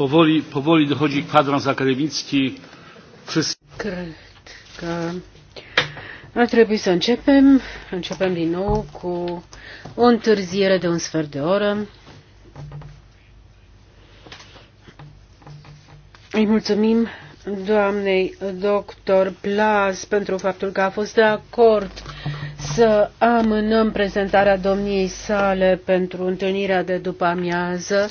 Powoli, powoli dochodzi kwadrans akademicki. Cred că ar trebui să începem. Începem din nou cu o întârziere de un sfert de oră. Îi mulțumim doamnei doctor Plas pentru faptul că a fost de acord să amânăm prezentarea domniei sale pentru întâlnirea de după amiază.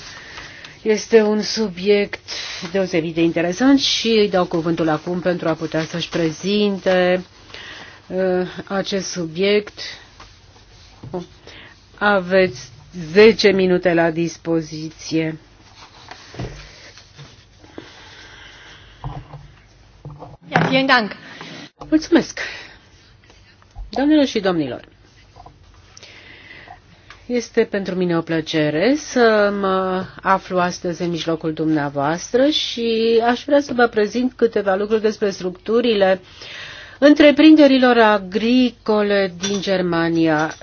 Este un subiect deosebit de interesant și îi dau cuvântul acum pentru a putea să-și prezinte uh, acest subiect. Aveți 10 minute la dispoziție. Mulțumesc. Doamnelor și domnilor, este pentru mine o plăcere să mă aflu astăzi în mijlocul dumneavoastră și aș vrea să vă prezint câteva lucruri despre structurile întreprinderilor agricole din Germania.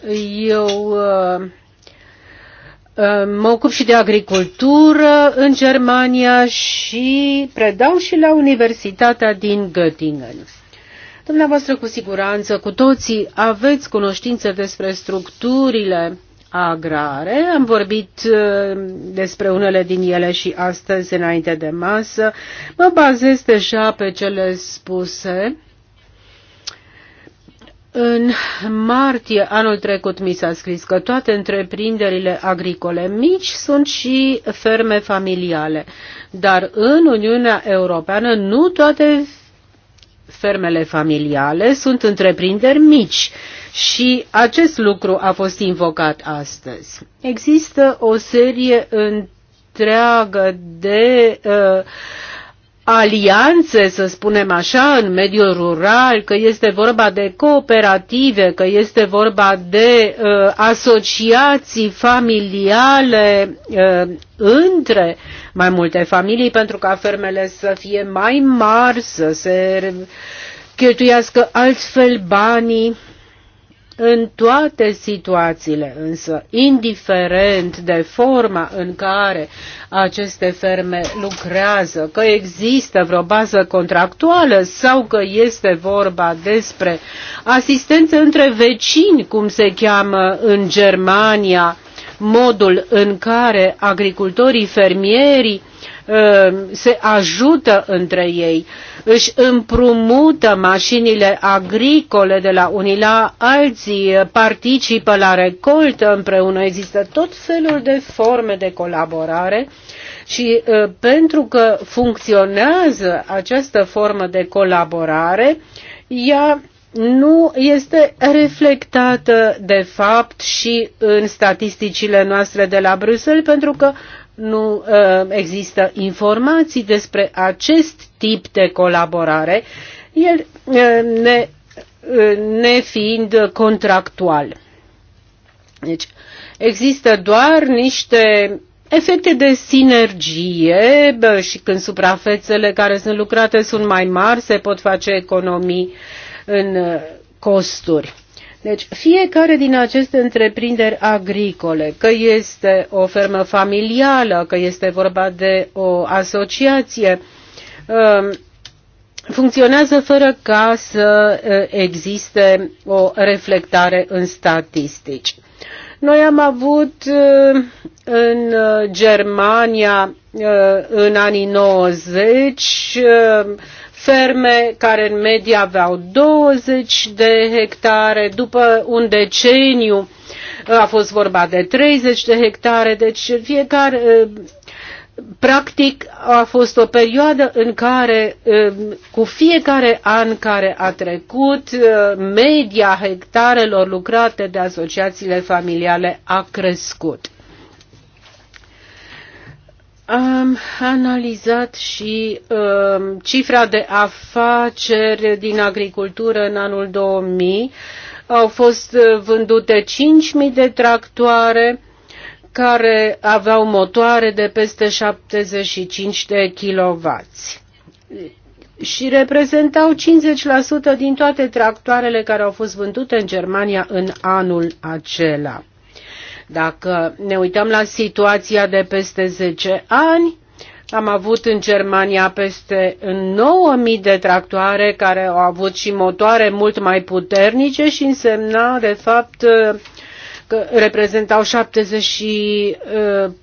Eu uh, uh Mă ocup și de agricultură în Germania și predau și la Universitatea din Göttingen. Dumneavoastră, cu siguranță, cu toții aveți cunoștințe despre structurile agrare. Am vorbit uh, despre unele din ele și astăzi înainte de masă. Mă bazez deja pe cele spuse. În martie anul trecut mi s-a scris că toate întreprinderile agricole mici sunt și ferme familiale, dar în Uniunea Europeană nu toate fermele familiale sunt întreprinderi mici și acest lucru a fost invocat astăzi. Există o serie întreagă de uh, alianțe, să spunem așa, în mediul rural, că este vorba de cooperative, că este vorba de uh, asociații familiale uh, între uh, mai multe familii pentru ca fermele să fie mai mari, să se cheltuiască altfel banii. În toate situațiile, însă, indiferent de forma în care aceste ferme lucrează, că există vreo bază contractuală sau că este vorba despre asistență între vecini, cum se cheamă în Germania, modul în care agricultorii, fermieri uh, se ajută între ei, își împrumută mașinile agricole de la unii la alții, participă la recoltă împreună. Există tot felul de forme de colaborare și uh, pentru că funcționează această formă de colaborare, ea nu este reflectată de fapt și în statisticile noastre de la Bruxelles pentru că nu uh, există informații despre acest tip de colaborare, el uh, ne, uh, ne fiind contractual. Deci există doar niște efecte de sinergie bă, și când suprafețele care sunt lucrate sunt mai mari, se pot face economii uh, în uh, costuri. Deci fiecare din aceste întreprinderi agricole, că este o fermă familială, că este vorba de o asociație, um, funcționează fără ca să uh, existe o reflectare în statistici. Noi am avut uh, în Germania în anii 90 ferme care în medie aveau 20 de hectare, după un deceniu a fost vorba de 30 de hectare, deci fiecare uh, practic a fost o perioadă în care uh, cu fiecare an care a trecut uh, media hectarelor lucrate de asociațiile familiale a crescut. Am analizat și um, cifra de afaceri din agricultură în anul 2000. Au fost uh, vândute 5.000 de tractoare care aveau motoare de peste 75 de kW și reprezentau 50% din toate tractoarele care au fost vândute în Germania în anul acela. Dacă ne uităm la situația de peste 10 ani, am avut în Germania peste 9.000 de tractoare care au avut și motoare mult mai puternice și însemna, de fapt, că reprezentau 74%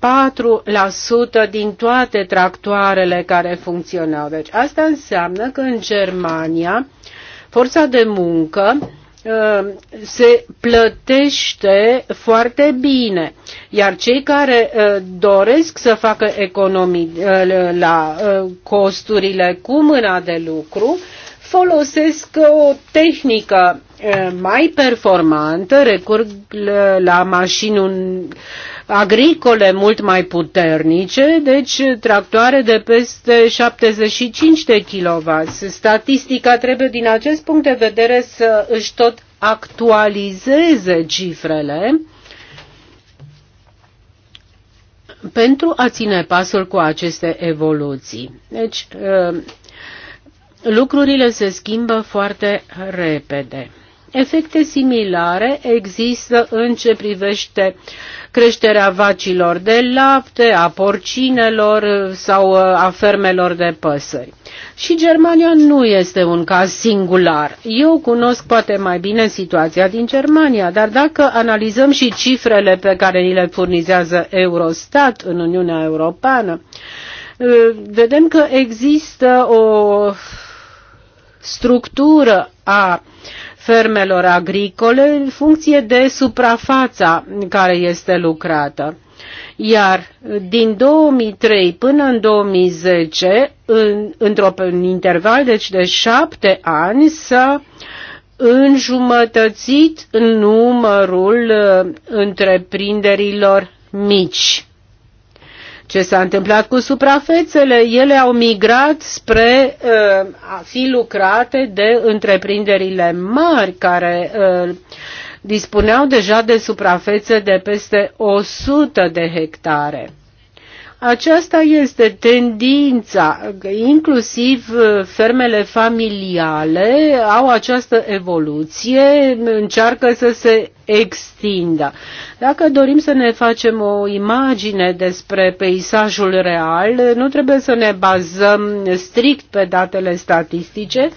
uh, din toate tractoarele care funcționau. Deci asta înseamnă că în Germania forța de muncă Ehm, se plătește foarte bine. Iar cei care eh, doresc să facă economii eh, la eh, costurile cu mâna de lucru folosesc o tehnică mai performantă, recurg la mașini agricole mult mai puternice, deci tractoare de peste 75 de kW. Statistica trebuie din acest punct de vedere să își tot actualizeze cifrele pentru a ține pasul cu aceste evoluții. Deci, ă, lucrurile se schimbă foarte repede. Efecte similare există în ce privește creșterea vacilor de lapte, a porcinelor sau uh, a fermelor de păsări. Și Germania nu este un caz singular. Eu cunosc poate mai bine situația din Germania, dar dacă analizăm și cifrele pe care ni le furnizează Eurostat în Uniunea Europeană, uh, vedem că există o structură a uh, fermelor agricole în funcție de suprafața care este lucrată. Iar din 2003 până în 2010, în, într-un interval deci de șapte ani, s-a înjumătățit numărul uh, întreprinderilor mici. Ce s-a întâmplat cu suprafețele? Ele au migrat spre uh, a fi lucrate de întreprinderile mari care uh, dispuneau deja de suprafețe de peste 100 de hectare. Aceasta este tendința, inclusiv uh, fermele familiale au această evoluție, încearcă să se extindă. Dacă dorim să ne facem o imagine despre peisajul real, nu trebuie să ne bazăm strict pe datele statistice,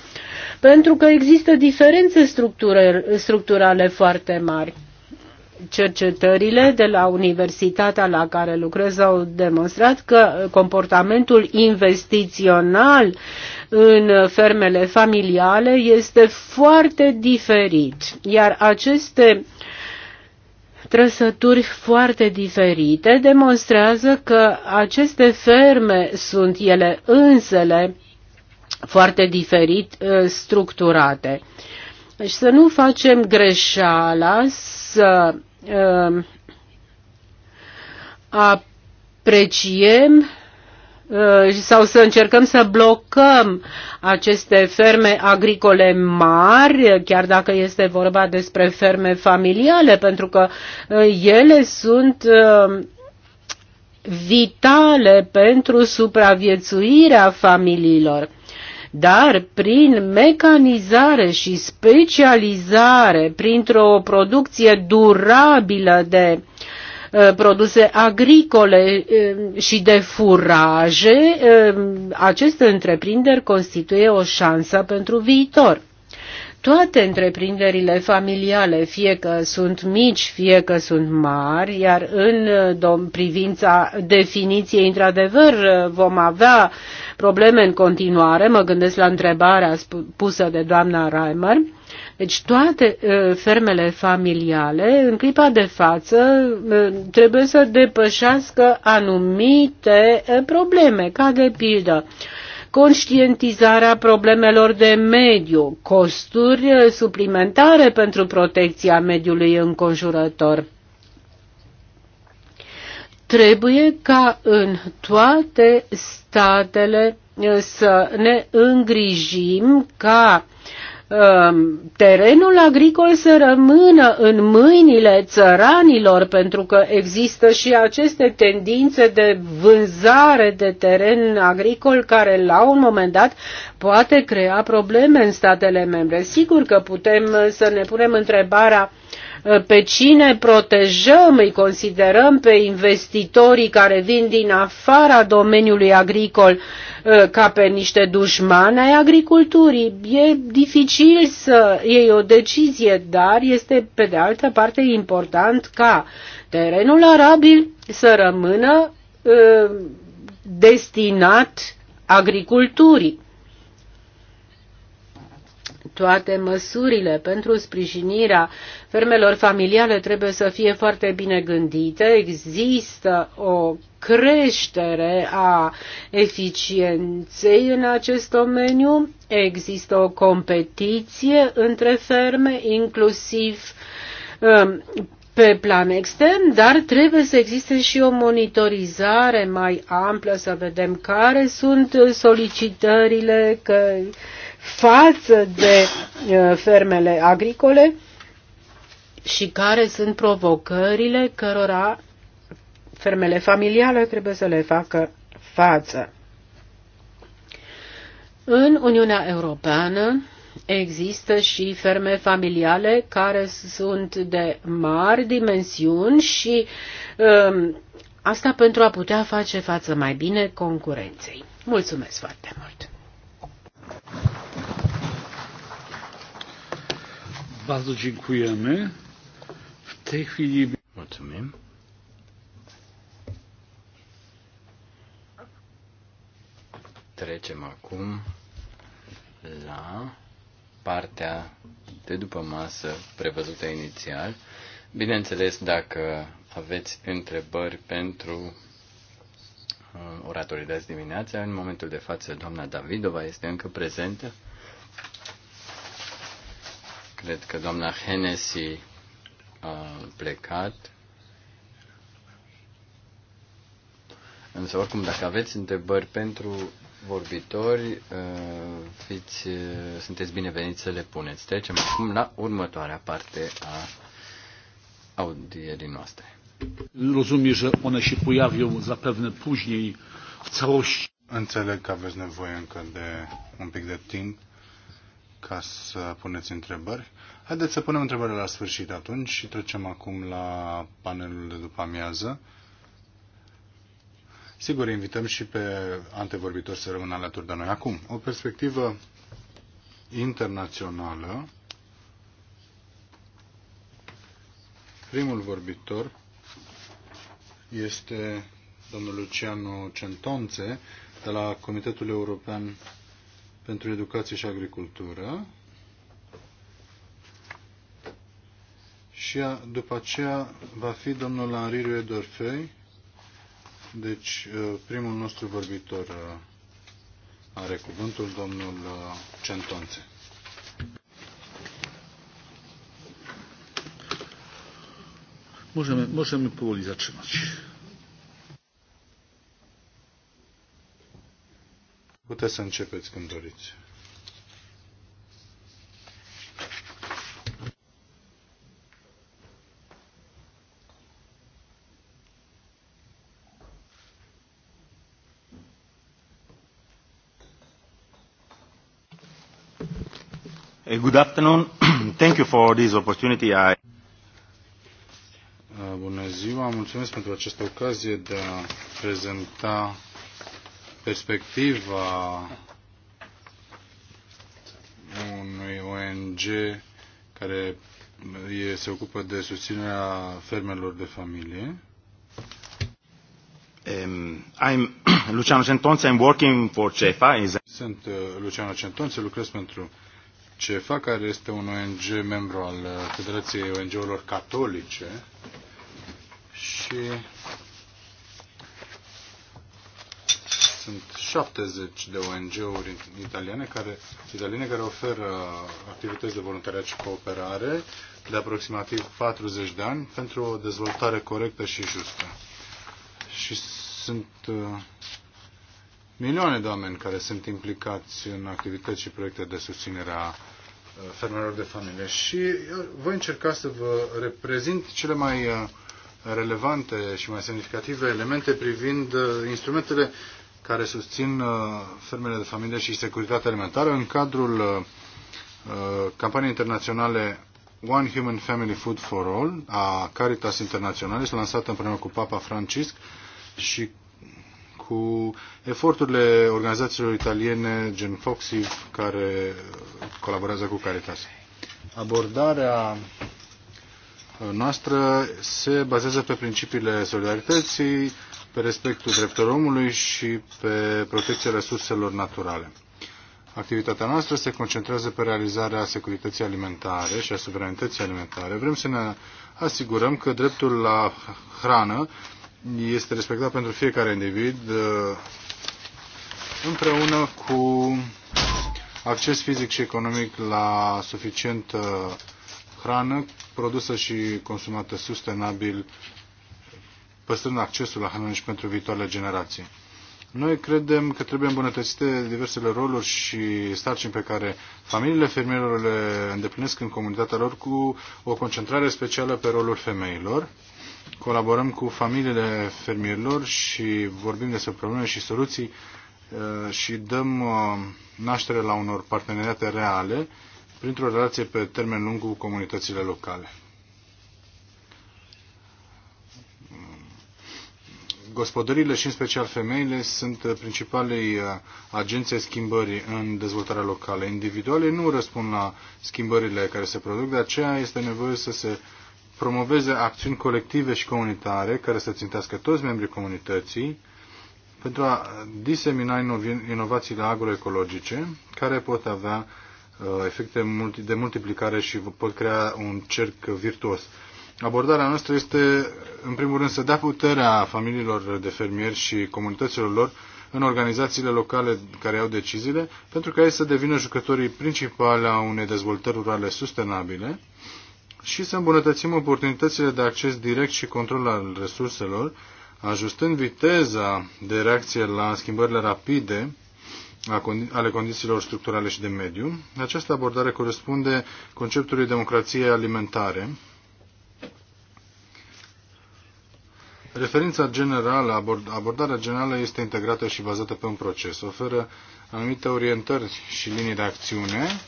pentru că există diferențe structurale foarte mari cercetările de la universitatea la care lucrez au demonstrat că comportamentul investițional în fermele familiale este foarte diferit, iar aceste trăsături foarte diferite demonstrează că aceste ferme sunt ele însele foarte diferit ă, structurate. Deci să nu facem greșeala să uh, apreciem uh, sau să încercăm să blocăm aceste ferme agricole mari, chiar dacă este vorba despre ferme familiale, pentru că uh, ele sunt uh, vitale pentru supraviețuirea familiilor dar prin mecanizare și specializare, printr-o producție durabilă de uh, produse agricole uh, și de furaje, uh, aceste întreprinderi constituie o șansă pentru viitor toate întreprinderile familiale, fie că sunt mici, fie că sunt mari, iar în dom, privința definiției, într-adevăr, vom avea probleme în continuare, mă gândesc la întrebarea pusă de doamna Reimer, deci toate ă, fermele familiale, în clipa de față, ă, trebuie să depășească anumite ă, probleme, ca de pildă conștientizarea problemelor de mediu, costuri suplimentare pentru protecția mediului înconjurător. Trebuie ca în toate statele să ne îngrijim ca Um, terenul agricol să rămână în mâinile țăranilor, pentru că există și aceste tendințe de vânzare de teren agricol care la un moment dat poate crea probleme în statele membre. Sigur că putem să ne punem întrebarea Uh, pe cine protejăm, îi considerăm pe investitorii care vin din afara domeniului agricol uh, ca pe niște dușmani ai agriculturii. E dificil să iei o decizie, dar este pe de altă parte important ca terenul arabil să rămână uh, destinat agriculturii toate măsurile pentru sprijinirea fermelor familiale trebuie să fie foarte bine gândite. Există o creștere a eficienței în acest domeniu, există o competiție între ferme, inclusiv um, pe plan extern, dar trebuie să existe și o monitorizare mai amplă, să vedem care sunt solicitările, că față de uh, fermele agricole și care sunt provocările cărora fermele familiale trebuie să le facă față. În Uniunea Europeană există și ferme familiale care sunt de mari dimensiuni și um, asta pentru a putea face față mai bine concurenței. Mulțumesc foarte mult! Bardzo dziękujemy. W tej chwili... Mulțumim. Trecem acum la partea de după masă prevăzută inițial. Bineînțeles, dacă aveți întrebări pentru uh, oratorii de azi dimineața, în momentul de față doamna Davidova este încă prezentă. Cred că doamna Hennessy a plecat. Însă, oricum, dacă aveți întrebări pentru vorbitori, uh, fiți, uh, sunteți bineveniți să le puneți. Trecem acum la următoarea parte a audierii noastre. Rozumie, że one się pojawią zapewne później w całości. Înțeleg că aveți nevoie încă de un pic de timp ca să puneți întrebări. Haideți să punem întrebările la sfârșit atunci și trecem acum la panelul de după amiază. Sigur, invităm și pe antevorbitori să rămână alături de noi. Acum, o perspectivă internațională. Primul vorbitor este domnul Luciano Centonțe de la Comitetul European pentru Educație și Agricultură și după aceea va fi domnul Henri Edorfei, deci uh, primul nostru vorbitor uh, are cuvântul domnul uh, Centonțe. Możemy, możemy powoli zaczynać. Puteți să începeți când doriți. Good afternoon. Thank you for this opportunity. I... Uh, bună ziua, mulțumesc pentru această ocazie de a prezenta perspectiva unui ONG care e, se ocupă de susținerea fermelor de familie. Um, I'm Luciano Centonțe, I'm working for CEFA. Sunt uh, Luciano Centonțe, lucrez pentru CEFA, care este un ONG membru al uh, Federației ONG-urilor Catolice și Sunt 70 de ONG-uri italiene care, italiene care oferă activități de voluntariat și cooperare de aproximativ 40 de ani pentru o dezvoltare corectă și justă. Și sunt uh, milioane de oameni care sunt implicați în activități și proiecte de susținere a uh, fermelor de familie. Și voi încerca să vă reprezint cele mai uh, relevante și mai semnificative elemente privind instrumentele care susțin uh, fermele de familie și securitatea alimentară în cadrul uh, uh, campaniei internaționale One Human Family Food for All a Caritas este lansată împreună cu Papa Francisc și cu eforturile organizațiilor italiene gen Foxy care colaborează cu Caritas. Abordarea noastră se bazează pe principiile solidarității, pe respectul drepturilor omului și pe protecția resurselor naturale. Activitatea noastră se concentrează pe realizarea securității alimentare și a suveranității alimentare. Vrem să ne asigurăm că dreptul la hrană este respectat pentru fiecare individ uh, împreună cu acces fizic și economic la suficientă hrană produsă și consumată sustenabil păstrând accesul la hrană și pentru viitoarele generații. Noi credem că trebuie îmbunătățite diversele roluri și sarcini pe care familiile fermierilor le îndeplinesc în comunitatea lor cu o concentrare specială pe rolul femeilor. Colaborăm cu familiile fermierilor și vorbim despre probleme și soluții uh, și dăm uh, naștere la unor parteneriate reale printr-o relație pe termen lung cu comunitățile locale. Gospodăriile și în special femeile sunt principalei uh, agențe schimbării în dezvoltarea locală. Individuale nu răspund la schimbările care se produc, de aceea este nevoie să se promoveze acțiuni colective și comunitare care să țintească toți membrii comunității pentru a disemina inovațiile agroecologice care pot avea uh, efecte de multiplicare și pot crea un cerc virtuos. Abordarea noastră este, în primul rând, să dea puterea familiilor de fermieri și comunităților lor în organizațiile locale care au deciziile, pentru ca ei să devină jucătorii principali a unei dezvoltări rurale sustenabile și să îmbunătățim oportunitățile de acces direct și control al resurselor, ajustând viteza de reacție la schimbările rapide ale condițiilor structurale și de mediu. Această abordare corespunde conceptului democrației alimentare, Referința generală, abordarea generală este integrată și bazată pe un proces. Oferă anumite orientări și linii de acțiune,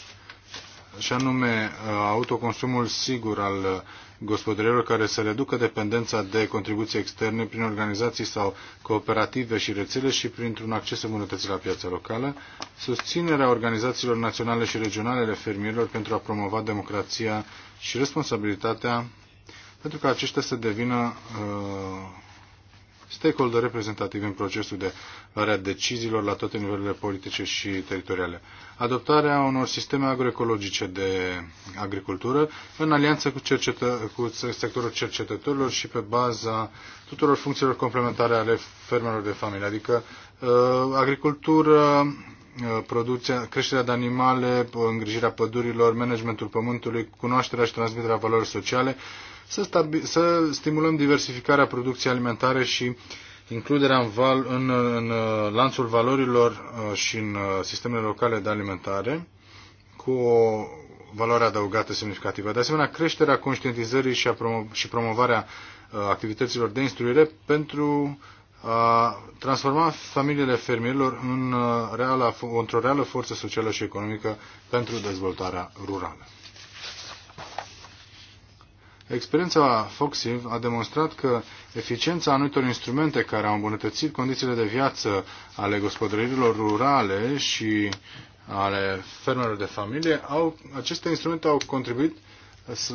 și anume uh, autoconsumul sigur al gospodărilor care să reducă dependența de contribuții externe prin organizații sau cooperative și rețele și printr-un acces îmbunătățit la piața locală, susținerea organizațiilor naționale și regionale ale fermierilor pentru a promova democrația și responsabilitatea pentru ca aceștia să devină uh, stakeholder reprezentativ în procesul de luare a deciziilor la toate nivelurile politice și teritoriale. Adoptarea unor sisteme agroecologice de agricultură în alianță cu, cercetă, cu sectorul cercetătorilor și pe baza tuturor funcțiilor complementare ale fermelor de familie, adică uh, agricultură, uh, producția, creșterea de animale, îngrijirea pădurilor, managementul pământului, cunoașterea și transmiterea valorilor sociale, uh, să, stabi, să stimulăm diversificarea producției alimentare și includerea în, val, în, în uh, lanțul valorilor uh, și în uh, sistemele locale de alimentare cu o valoare adăugată semnificativă. De asemenea, creșterea conștientizării și, a promo, și promovarea activităților de instruire pentru a transforma familiile fermierilor în reală, într-o reală forță socială și economică pentru dezvoltarea rurală. Experiența Foxiv a demonstrat că eficiența anumitor instrumente care au îmbunătățit condițiile de viață ale gospodăriilor rurale și ale fermelor de familie, au, aceste instrumente au contribuit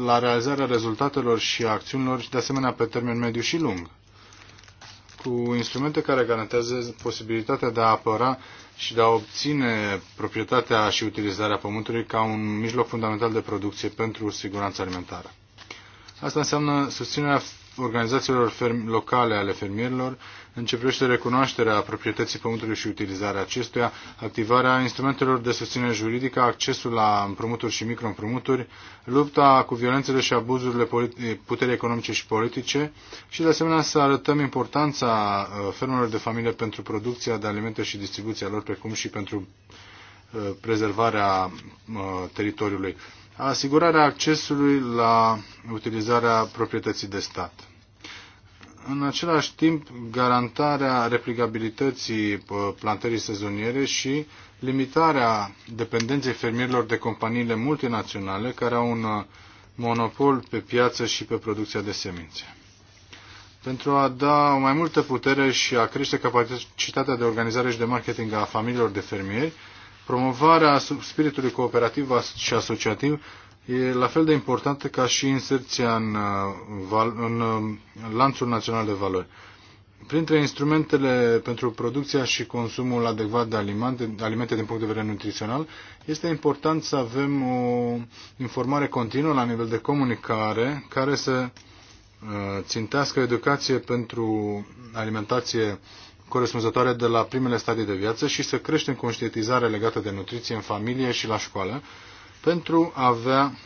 la realizarea rezultatelor și acțiunilor și de asemenea pe termen mediu și lung cu instrumente care garantează posibilitatea de a apăra și de a obține proprietatea și utilizarea pământului ca un mijloc fundamental de producție pentru siguranța alimentară. Asta înseamnă susținerea organizațiilor locale ale fermierilor, privește recunoașterea proprietății pământului și utilizarea acestuia, activarea instrumentelor de susținere juridică, accesul la împrumuturi și microîmprumuturi, lupta cu violențele și abuzurile puterii economice și politice și, de asemenea, să arătăm importanța uh, fermelor de familie pentru producția de alimente și distribuția lor, precum și pentru uh, prezervarea uh, teritoriului asigurarea accesului la utilizarea proprietății de stat. În același timp, garantarea replicabilității uh, plantării sezoniere și limitarea dependenței fermierilor de companiile multinaționale care au un uh, monopol pe piață și pe producția de semințe. Pentru a da mai multă putere și a crește capacitatea de organizare și de marketing a familiilor de fermieri, Promovarea spiritului cooperativ și asociativ e la fel de importantă ca și inserția în, uh, în uh, lanțul național de valori. Printre instrumentele pentru producția și consumul adecvat de alimente, de alimente din punct de vedere nutrițional, este important să avem o informare continuă la nivel de comunicare care să uh, țintească educație pentru alimentație corespunzătoare de la primele stadii de viață și să creștem conștientizarea legată de nutriție în familie și la școală pentru a avea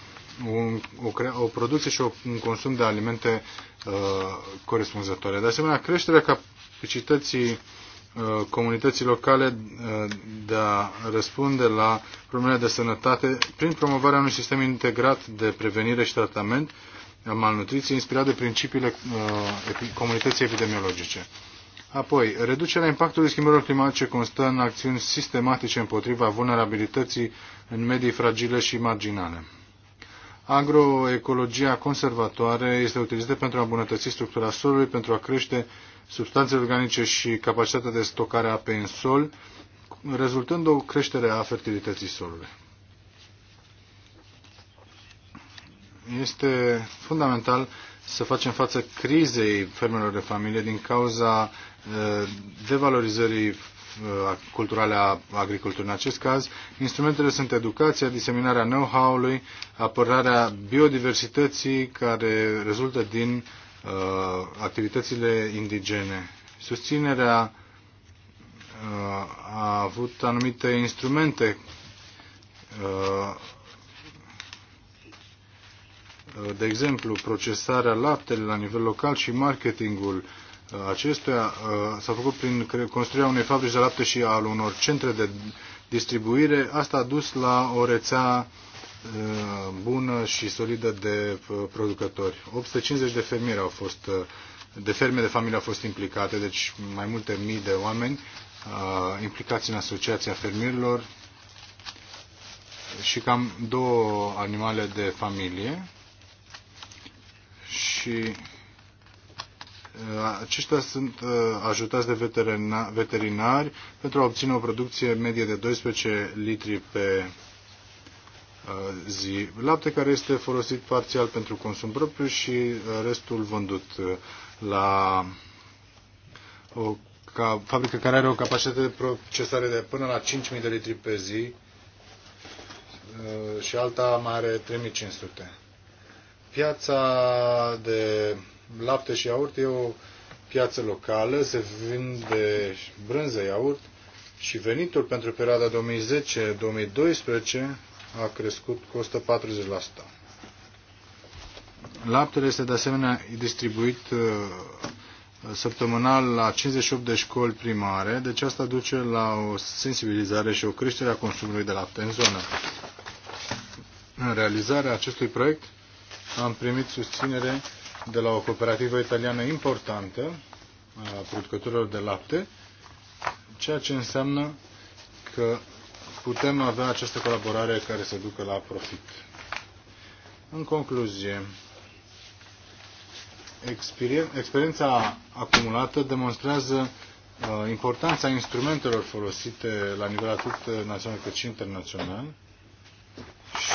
un, o, o producție și o, un consum de alimente uh, corespunzătoare. De asemenea, creșterea capacității uh, comunității locale uh, de a răspunde la problemele de sănătate prin promovarea unui sistem integrat de prevenire și tratament al malnutriției inspirat de principiile uh, comunității epidemiologice. Apoi, reducerea impactului schimbărilor climatice constă în acțiuni sistematice împotriva vulnerabilității în medii fragile și marginale. Agroecologia conservatoare este utilizată pentru a îmbunătăți structura solului, pentru a crește substanțele organice și capacitatea de stocare a apei în sol, rezultând o creștere a fertilității solului. Este fundamental să facem față crizei fermelor de familie din cauza uh, devalorizării uh, culturale a agriculturii. În acest caz, instrumentele sunt educația, diseminarea know-how-ului, apărarea biodiversității care rezultă din uh, activitățile indigene. Susținerea uh, a avut anumite instrumente uh, de exemplu, procesarea laptele la nivel local și marketingul acestuia uh, s-a făcut prin construirea unei fabrici de lapte și al unor centre de distribuire. Asta a dus la o rețea uh, bună și solidă de uh, producători. 850 de fermieri au fost, de ferme de familie au fost implicate, deci mai multe mii de oameni implicați în Asociația Fermierilor și cam două animale de familie și uh, aceștia sunt uh, ajutați de veterinari pentru a obține o producție medie de 12 litri pe uh, zi. Lapte care este folosit parțial pentru consum propriu și restul vândut la o fabrică care are o capacitate de procesare de până la 5.000 de litri pe zi și alta mai are 3.500. Piața de lapte și iaurt e o piață locală, se vinde brânză, iaurt și venitul pentru perioada 2010-2012 a crescut cu 140%. Laptele este de asemenea distribuit uh, săptămânal la 58 de școli primare, deci asta duce la o sensibilizare și o creștere a consumului de lapte în zonă. În realizarea acestui proiect am primit susținere de la o cooperativă italiană importantă a producătorilor de lapte, ceea ce înseamnă că putem avea această colaborare care să ducă la profit. În concluzie, experiența acumulată demonstrează uh, importanța instrumentelor folosite la nivel atât național cât și internațional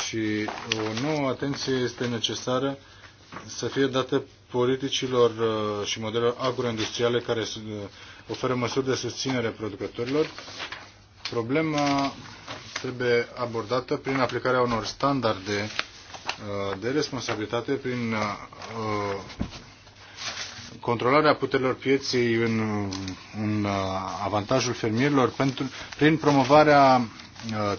și o nouă atenție este necesară să fie dată politicilor uh, și modelelor agroindustriale care uh, oferă măsuri de susținere producătorilor. Problema trebuie abordată prin aplicarea unor standarde uh, de responsabilitate, prin controlarea puterilor pieței în, în avantajul fermierilor, pentru, prin promovarea Uh,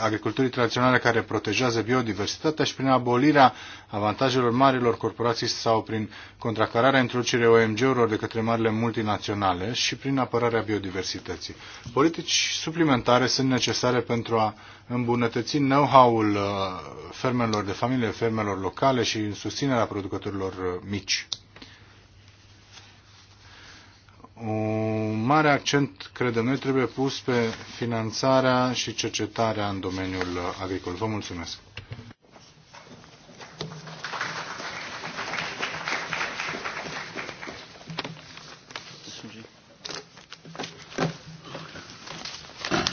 agriculturii tradiționale care protejează biodiversitatea și prin abolirea avantajelor marilor corporații sau prin contracararea introducerii OMG-urilor de către marile multinaționale și prin apărarea biodiversității. Politici suplimentare sunt necesare pentru a îmbunătăți know-how-ul uh, fermelor de familie, fermelor locale și în susținerea producătorilor uh, mici mare accent, credem noi, trebuie pus pe finanțarea și cercetarea în domeniul agricol. Vă mulțumesc!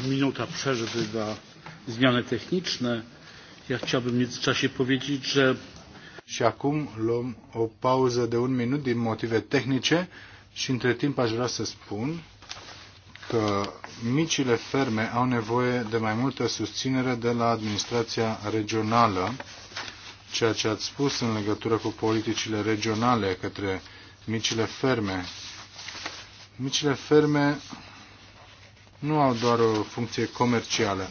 minuta przerwy dla zmiany techniczne. Ja chciałbym w międzyczasie powiedzieć, że... Și acum luăm o pauză de un minut din motive tehnice. Și între timp aș vrea să spun că micile ferme au nevoie de mai multă susținere de la administrația regională, ceea ce ați spus în legătură cu politicile regionale către micile ferme. Micile ferme nu au doar o funcție comercială,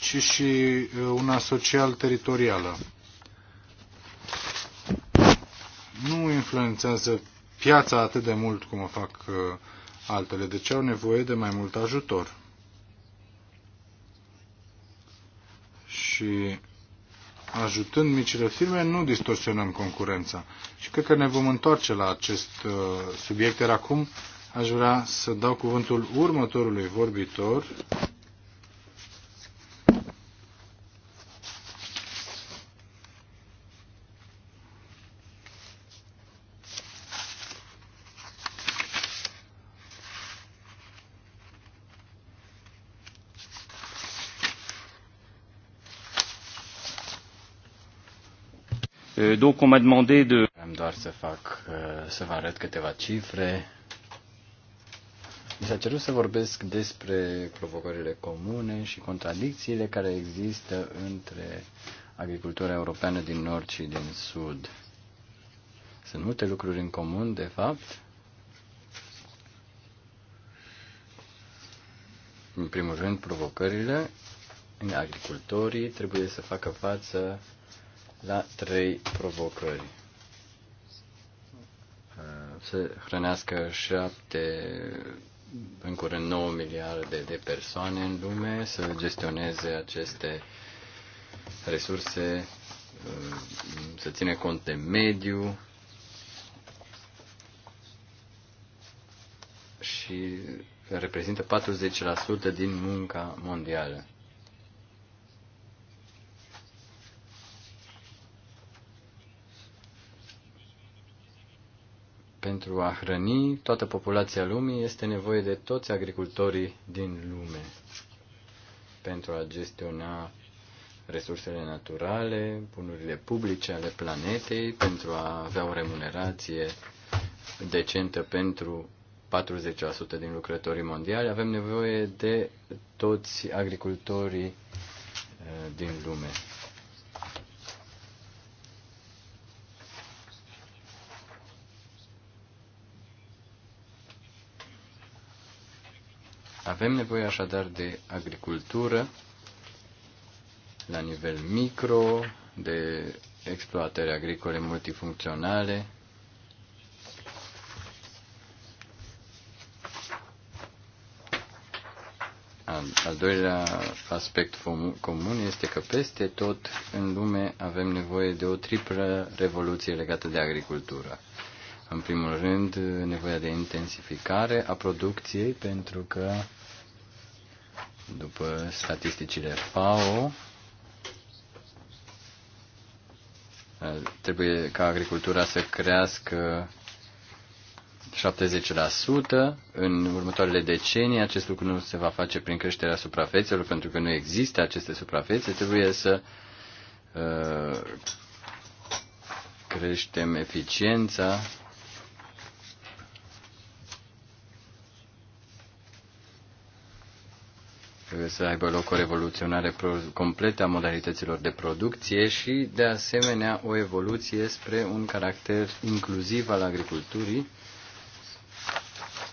ci și uh, una social-teritorială. Nu influențează piața atât de mult cum o fac uh, altele. de deci ce au nevoie de mai mult ajutor. Și ajutând micile firme, nu distorsionăm concurența. Și cred că ne vom întoarce la acest uh, subiect, iar acum aș vrea să dau cuvântul următorului vorbitor, donc on m'a demandé de... Am doar să fac, uh, să vă arăt câteva cifre. Mi s-a cerut să vorbesc despre provocările comune și contradicțiile care există între agricultura europeană din nord și din sud. Sunt multe lucruri în comun, de fapt. În primul rând, provocările. Agricultorii trebuie să facă față la trei provocări. Uh, se hrănească șapte, în curând 9 miliarde de persoane în lume, să gestioneze aceste resurse, uh, să ține cont de mediu și reprezintă 40% din munca mondială. pentru a hrăni toată populația lumii este nevoie de toți agricultorii din lume pentru a gestiona resursele naturale, bunurile publice ale planetei, pentru a avea o remunerație decentă pentru 40% din lucrătorii mondiali. Avem nevoie de toți agricultorii eh, din lume. Avem nevoie așadar de agricultură la nivel micro, de exploatări agricole multifuncționale, Al doilea aspect comun este că peste tot în lume avem nevoie de o triplă revoluție legată de agricultură. În primul rând, nevoia de intensificare a producției, pentru că, după statisticile FAO, trebuie ca agricultura să crească 70% în următoarele decenii. Acest lucru nu se va face prin creșterea suprafețelor, pentru că nu există aceste suprafețe. Trebuie să uh, creștem eficiența trebuie să aibă loc o revoluționare completă a modalităților de producție și, de asemenea, o evoluție spre un caracter inclusiv al agriculturii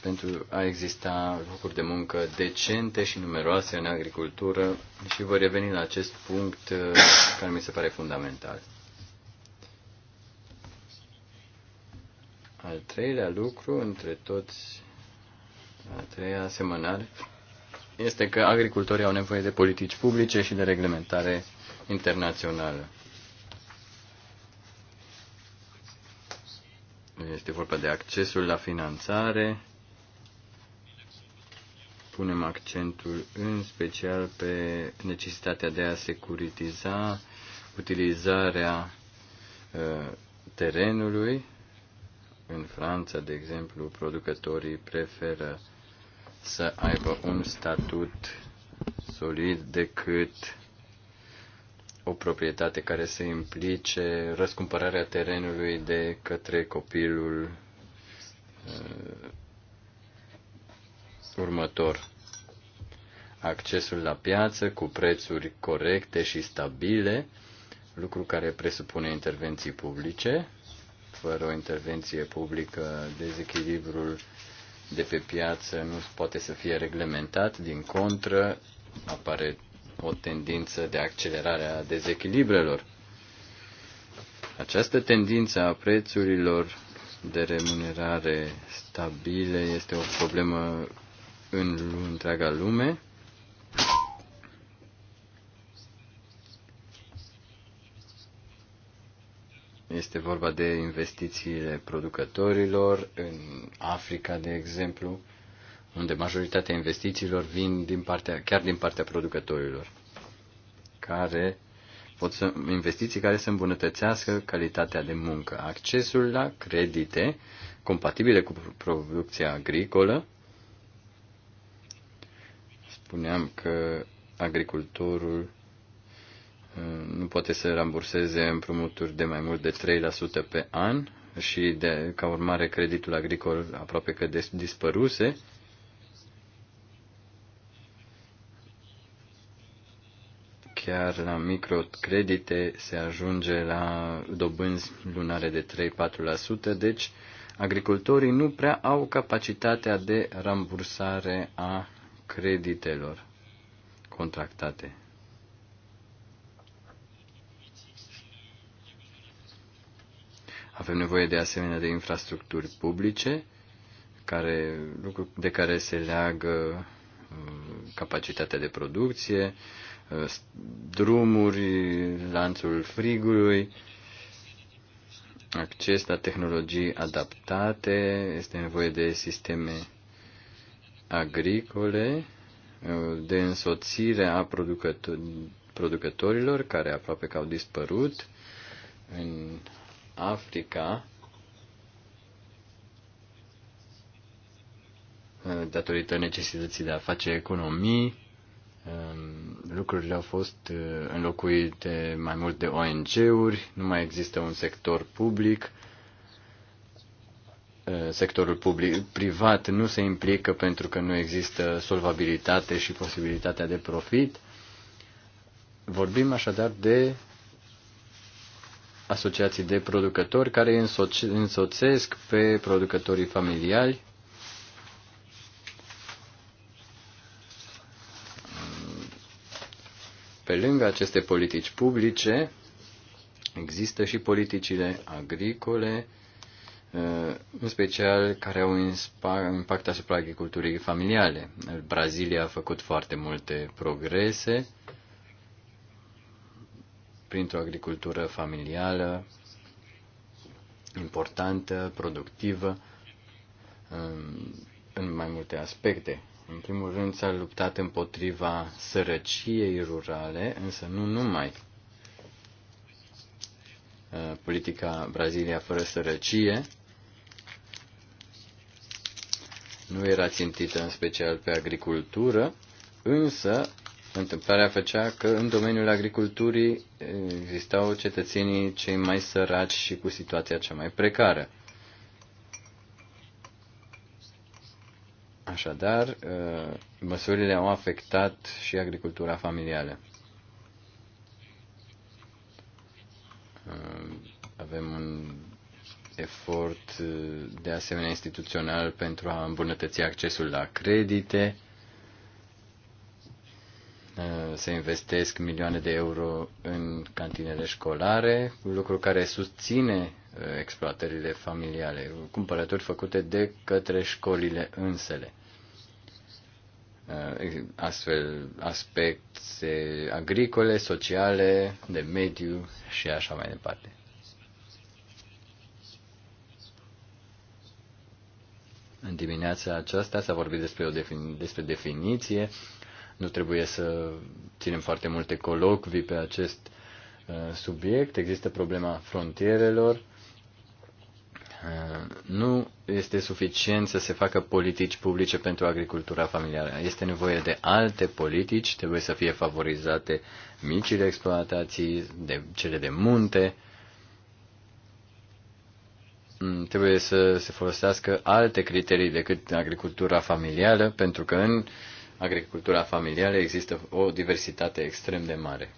pentru a exista locuri de muncă decente și numeroase în agricultură și voi reveni la acest punct uh, care mi se pare fundamental. Al treilea lucru, între toți, a treia asemănare, este că agricultorii au nevoie de politici publice și de reglementare internațională. Este vorba de accesul la finanțare. Punem accentul în special pe necesitatea de a securitiza utilizarea uh, terenului. În Franța, de exemplu, producătorii preferă uh, să aibă un statut solid decât o proprietate care să implice răscumpărarea terenului de către copilul uh, următor. Accesul la piață cu prețuri corecte și stabile, lucru care presupune intervenții publice. Fără o intervenție publică, dezechilibrul de pe piață nu poate să fie reglementat, din contră apare o tendință de accelerare a dezechilibrelor. Această tendință a prețurilor de remunerare stabile este o problemă în întreaga lume Este vorba de investițiile producătorilor în Africa, de exemplu, unde majoritatea investițiilor vin din partea, chiar din partea producătorilor, care pot să, investiții care să îmbunătățească calitatea de muncă, accesul la credite compatibile cu producția agricolă. Spuneam că agricultorul nu poate să ramburseze împrumuturi de mai mult de 3% pe an și de, ca urmare creditul agricol aproape că des, dispăruse. Chiar la microcredite se ajunge la dobânzi lunare de 3-4%, deci agricultorii nu prea au capacitatea de rambursare a creditelor contractate. Avem nevoie de asemenea de infrastructuri publice, care, lucru de care se leagă uh, capacitatea de producție, uh, drumuri, lanțul frigului, acces la tehnologii adaptate, este nevoie de sisteme agricole, uh, de însoțire a producătorilor, care aproape că au dispărut în Africa, uh, datorită necesității de a face economii, um, lucrurile au fost uh, înlocuite mai mult de ONG-uri, nu mai există un sector public, uh, sectorul public, privat nu se implică pentru că nu există solvabilitate și posibilitatea de profit. Vorbim așadar de asociații de producători care însoțesc pe producătorii familiali Pe lângă aceste politici publice, există și politicile agricole, în special care au impact asupra agriculturii familiale. Brazilia a făcut foarte multe progrese printr-o agricultură familială, importantă, productivă, în mai multe aspecte. În primul rând s-a luptat împotriva sărăciei rurale, însă nu numai. Uh, politica Brazilia fără sărăcie nu era țintită în special pe agricultură, însă Întâmplarea făcea că în domeniul agriculturii eh, existau cetățenii cei mai săraci și cu situația cea mai precară. Așadar, eh, măsurile au afectat și agricultura familială. Eh, avem un efort de asemenea instituțional pentru a îmbunătăți accesul la credite, Eh, se investesc milioane de euro în cantinele școlare, lucru care susține eh, exploatările familiale, cumpărături făcute de către școlile însele. Eh, astfel, aspecte agricole, sociale, de mediu și așa mai departe. În dimineața aceasta s-a vorbit despre, o defini- despre definiție nu trebuie să ținem foarte multe colocvii pe acest uh, subiect. Există problema frontierelor. Uh, nu este suficient să se facă politici publice pentru agricultura familială. Este nevoie de alte politici, trebuie să fie favorizate micile exploatații, de cele de munte, mm, trebuie să se folosească alte criterii decât agricultura familială, pentru că în agricultura familială există o diversitate extrem de mare.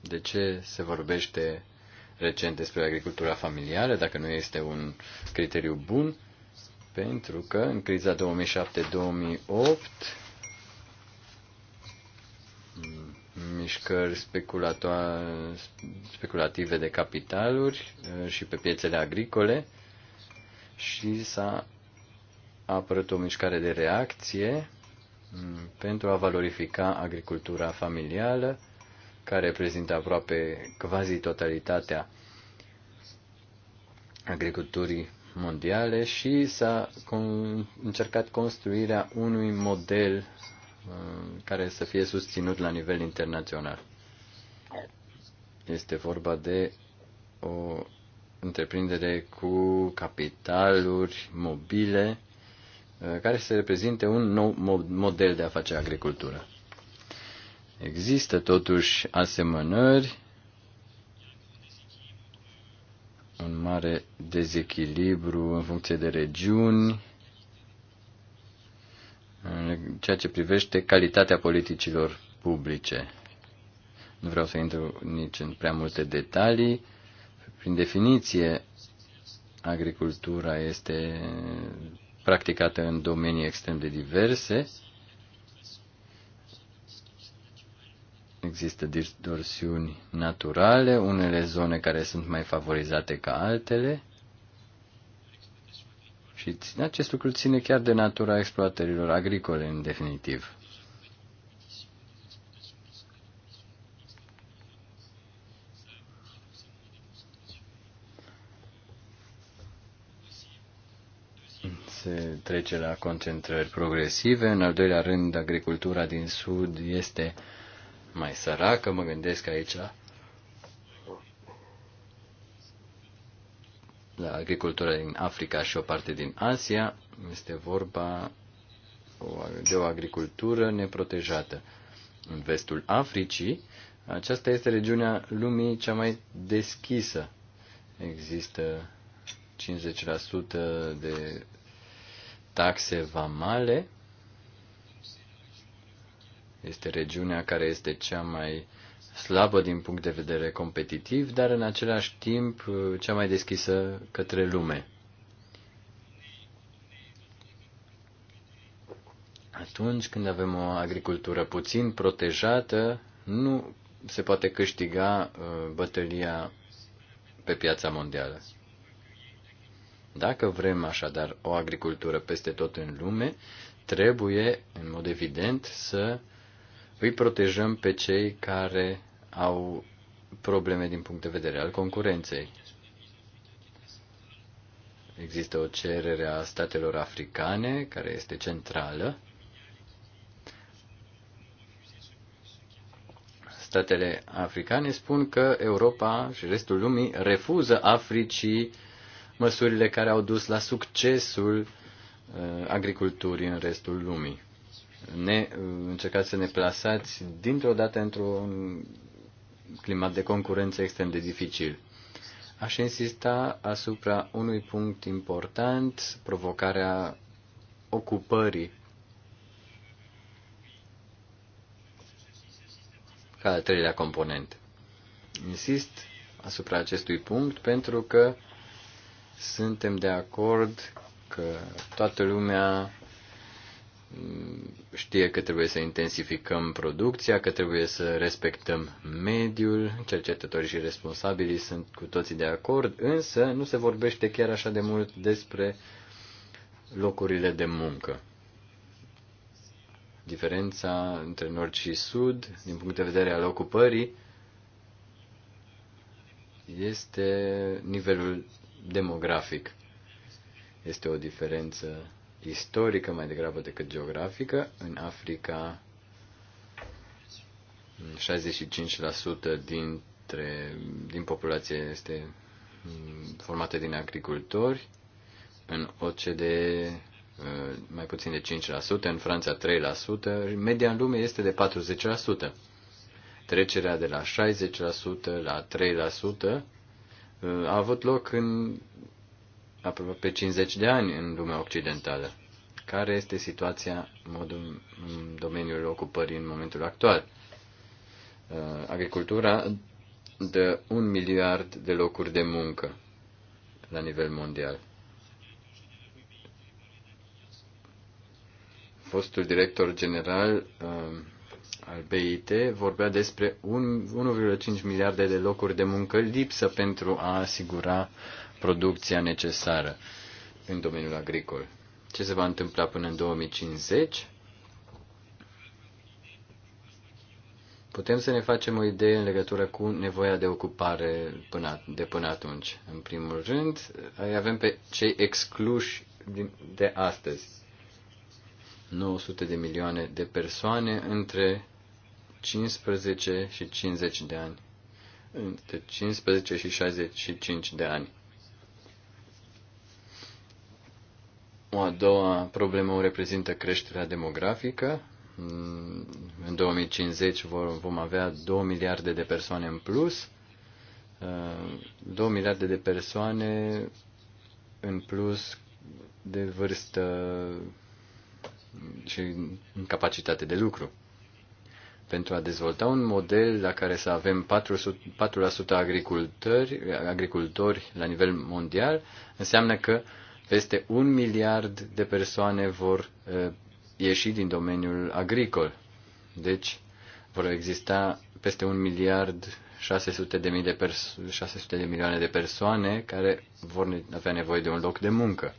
De ce se vorbește recent despre agricultura familială, dacă nu este un criteriu bun? Pentru că în criza 2007-2008 mișcări speculative de capitaluri uh, și pe piețele agricole și s-a apărut o mișcare de reacție mm, pentru a valorifica agricultura familială, care reprezintă aproape quasi totalitatea agriculturii mondiale și s-a încercat construirea unui model mm, care să fie susținut la nivel internațional. Este vorba de o întreprindere cu capitaluri mobile uh, care să reprezinte un nou model de a face agricultură. Există totuși asemănări, un mare dezechilibru în funcție de regiuni, în ceea ce privește calitatea politicilor publice. Nu vreau să intru nici în prea multe detalii, prin definiție, agricultura este practicată în domenii extrem de diverse. Există distorsiuni naturale, unele zone care sunt mai favorizate ca altele. Și acest lucru ține chiar de natura exploatărilor agricole, în definitiv. se trece la concentrări progresive. În al doilea rând, agricultura din sud este mai săracă, mă gândesc aici la agricultura din Africa și o parte din Asia. Este vorba de o agricultură neprotejată. În vestul Africii, aceasta este regiunea lumii cea mai deschisă. Există 50% de taxe vamale. Este regiunea care este cea mai slabă din punct de vedere competitiv, dar în același timp uh, cea mai deschisă către lume. Atunci când avem o agricultură puțin protejată, nu se poate câștiga uh, bătălia pe piața mondială. Dacă vrem așadar o agricultură peste tot în lume, trebuie, în mod evident, să îi protejăm pe cei care au probleme din punct de vedere al concurenței. Există o cerere a statelor africane, care este centrală. Statele africane spun că Europa și restul lumii refuză Africii măsurile care au dus la succesul uh, agriculturii în restul lumii. Ne, uh, încercați să ne plasați dintr-o dată într-un climat de concurență extrem de dificil. Aș insista asupra unui punct important, provocarea ocupării ca al treilea component. Insist asupra acestui punct pentru că suntem de acord că toată lumea mm, știe că trebuie să intensificăm producția, că trebuie să respectăm mediul, cercetătorii și responsabilii sunt cu toții de acord, însă nu se vorbește chiar așa de mult despre locurile de muncă. Diferența între nord și sud, din punct de vedere al ocupării, este nivelul demografic. Este o diferență istorică mai degrabă decât geografică. În Africa, 65% dintre, din populație este formată din agricultori. În OCDE, uh, mai puțin de 5%, în Franța 3%, media în lume este de 40%. Trecerea de la 60% la 3% Uh, a avut loc în aproape 50 de ani în lumea occidentală. Care este situația modul, în domeniul ocupării în momentul actual? Uh, agricultura dă un miliard de locuri de muncă la nivel mondial. Fostul director general uh, al BIT vorbea despre 1,5 miliarde de locuri de muncă lipsă pentru a asigura producția necesară în domeniul agricol. Ce se va întâmpla până în 2050? Putem să ne facem o idee în legătură cu nevoia de ocupare până, de până atunci. În primul rând, avem pe cei excluși de astăzi. 900 de milioane de persoane între 15 și 50 de ani. Între 15 și 65 de ani. O a doua problemă o reprezintă creșterea demografică. În 2050 vom avea 2 miliarde de persoane în plus. 2 miliarde de persoane în plus de vârstă și în capacitate de lucru pentru a dezvolta un model la care să avem 4% agricultori, agricultori la nivel mondial, înseamnă că peste un miliard de persoane vor eh, ieși din domeniul agricol. Deci vor exista peste un miliard 600 de, mii de, perso- 600 de milioane de persoane care vor avea nevoie de un loc de muncă.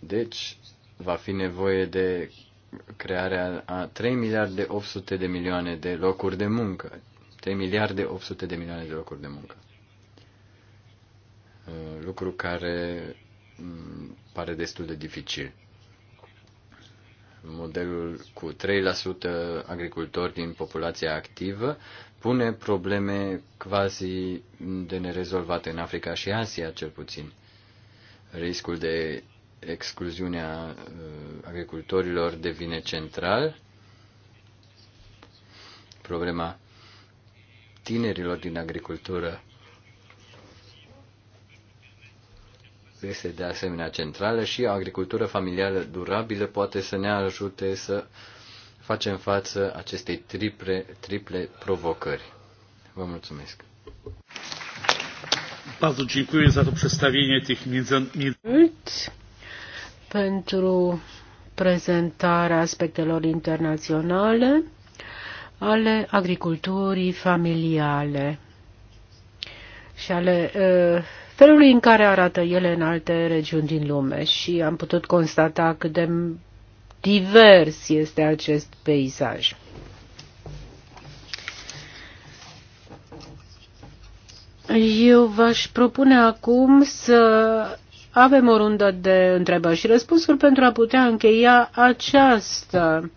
Deci va fi nevoie de crearea a 3 miliarde 800 de milioane de locuri de muncă. 3 miliarde 800 de milioane de locuri de muncă. Uh, lucru care mm, pare destul de dificil. Modelul cu 3% agricultori din populația activă pune probleme quasi de nerezolvate în Africa și Asia, cel puțin. Riscul de excluziunea uh, agricultorilor devine central. Problema tinerilor din agricultură este de asemenea centrală și agricultură familială durabilă poate să ne ajute să facem față acestei triple, triple provocări. Vă mulțumesc! Bardzo dziękuję za to przedstawienie tych między pentru prezentarea aspectelor internaționale ale agriculturii familiale și ale uh, felului în care arată ele în alte regiuni din lume și am putut constata cât de divers este acest peisaj. Eu v-aș propune acum să avem o rundă de întrebări și răspunsuri pentru a putea încheia această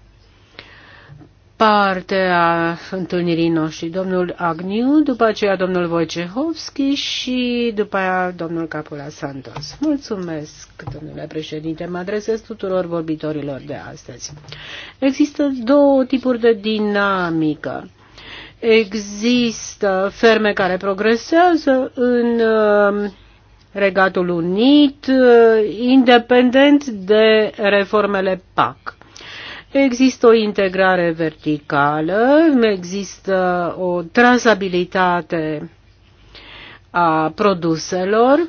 parte a întâlnirii noștri. Domnul Agniu, după aceea domnul Wojciechowski și după aceea domnul Capula Santos. Mulțumesc, domnule președinte. Mă adresez tuturor vorbitorilor de astăzi. Există două tipuri de dinamică. Există ferme care progresează în uh, Regatul Unit, uh, independent de reformele PAC. Există o integrare verticală, există o trasabilitate a produselor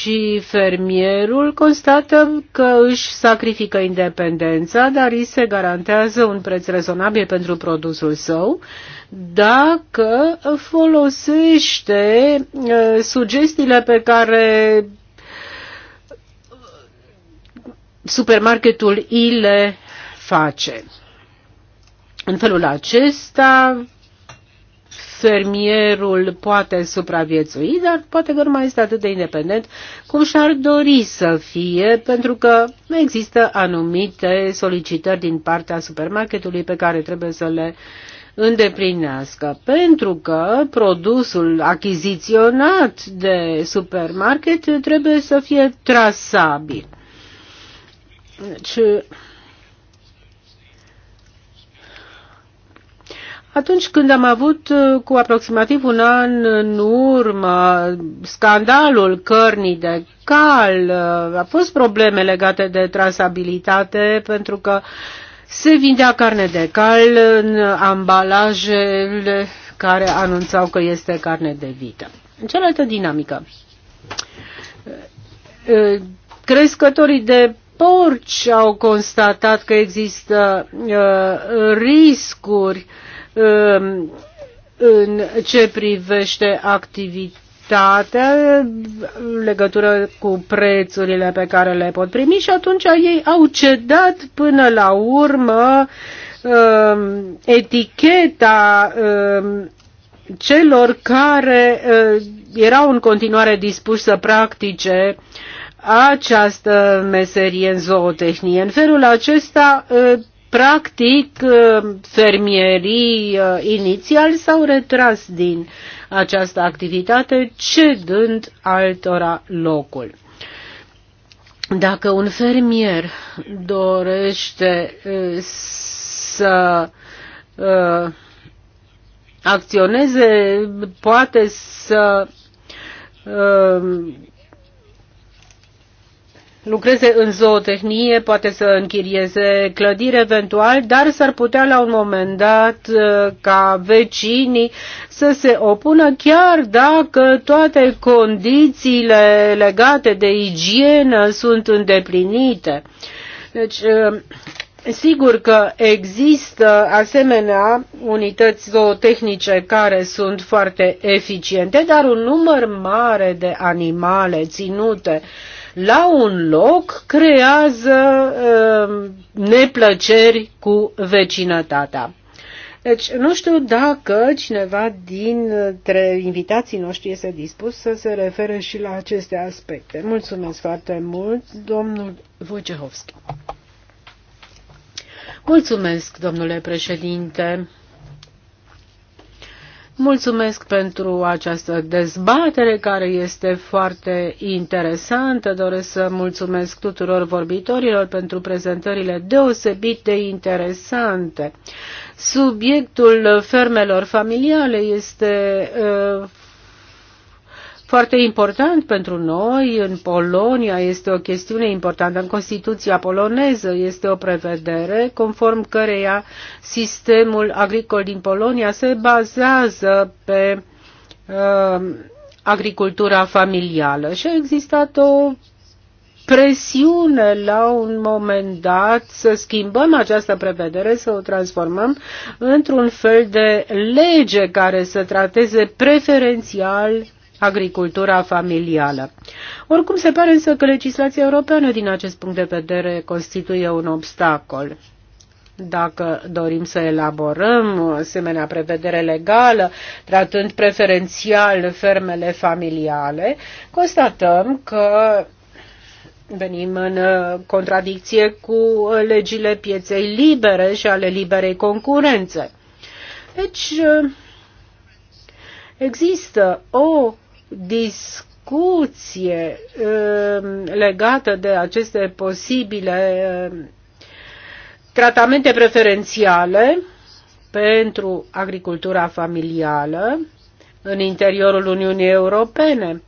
și fermierul constată că își sacrifică independența, dar îi se garantează un preț rezonabil pentru produsul său dacă folosește sugestiile pe care supermarketul îi le face. În felul acesta, fermierul poate supraviețui, dar poate că nu mai este atât de independent cum și-ar dori să fie, pentru că există anumite solicitări din partea supermarketului pe care trebuie să le îndeplinească, pentru că produsul achiziționat de supermarket trebuie să fie trasabil. Deci, Atunci când am avut uh, cu aproximativ un an în urmă scandalul cărnii de cal, uh, a fost probleme legate de trasabilitate pentru că se vindea carne de cal în ambalajele care anunțau că este carne de vită. Cealaltă dinamică. Uh, crescătorii de porci au constatat că există riscuri uh, Ehm, în ce privește activitatea legătură cu prețurile pe care le pot primi și atunci ei au cedat până la urmă ehm, eticheta ehm, celor care eh, erau în continuare dispuși să practice această meserie în zootehnie. În felul acesta eh, practic, ă, fermierii ă, inițiali s-au retras din această activitate, cedând altora locul. Dacă un fermier dorește ă, să acționeze, poate să lucreze în zootehnie, poate să închirieze clădiri eventual, dar s-ar putea la un moment dat uh, ca vecinii să se opună chiar dacă toate condițiile legate de igienă sunt îndeplinite. Deci, uh, Sigur că există asemenea unități zootehnice care sunt foarte eficiente, dar un număr mare de animale ținute la un loc creează uh, neplăceri cu vecinătatea. Deci, nu știu dacă cineva dintre invitații noștri este dispus să se refere și la aceste aspecte. Mulțumesc foarte mult, domnul Wojciechowski. Mulțumesc, domnule președinte. Mulțumesc pentru această dezbatere care este foarte interesantă. Doresc să mulțumesc tuturor vorbitorilor pentru prezentările deosebit de interesante. Subiectul fermelor familiale este uh, foarte important pentru noi. În Polonia este o chestiune importantă. În Constituția poloneză este o prevedere conform căreia sistemul agricol din Polonia se bazează pe uh, agricultura familială și a existat o presiune la un moment dat să schimbăm această prevedere, să o transformăm într-un fel de lege care să trateze preferențial agricultura familială. Oricum se pare însă că legislația europeană din acest punct de vedere constituie un obstacol. Dacă dorim să elaborăm o asemenea prevedere legală, tratând preferențial fermele familiale, constatăm că venim în contradicție cu legile pieței libere și ale liberei concurențe. Deci, există o discuție um, legată de aceste posibile um, tratamente preferențiale pentru agricultura familială în interiorul Uniunii Europene.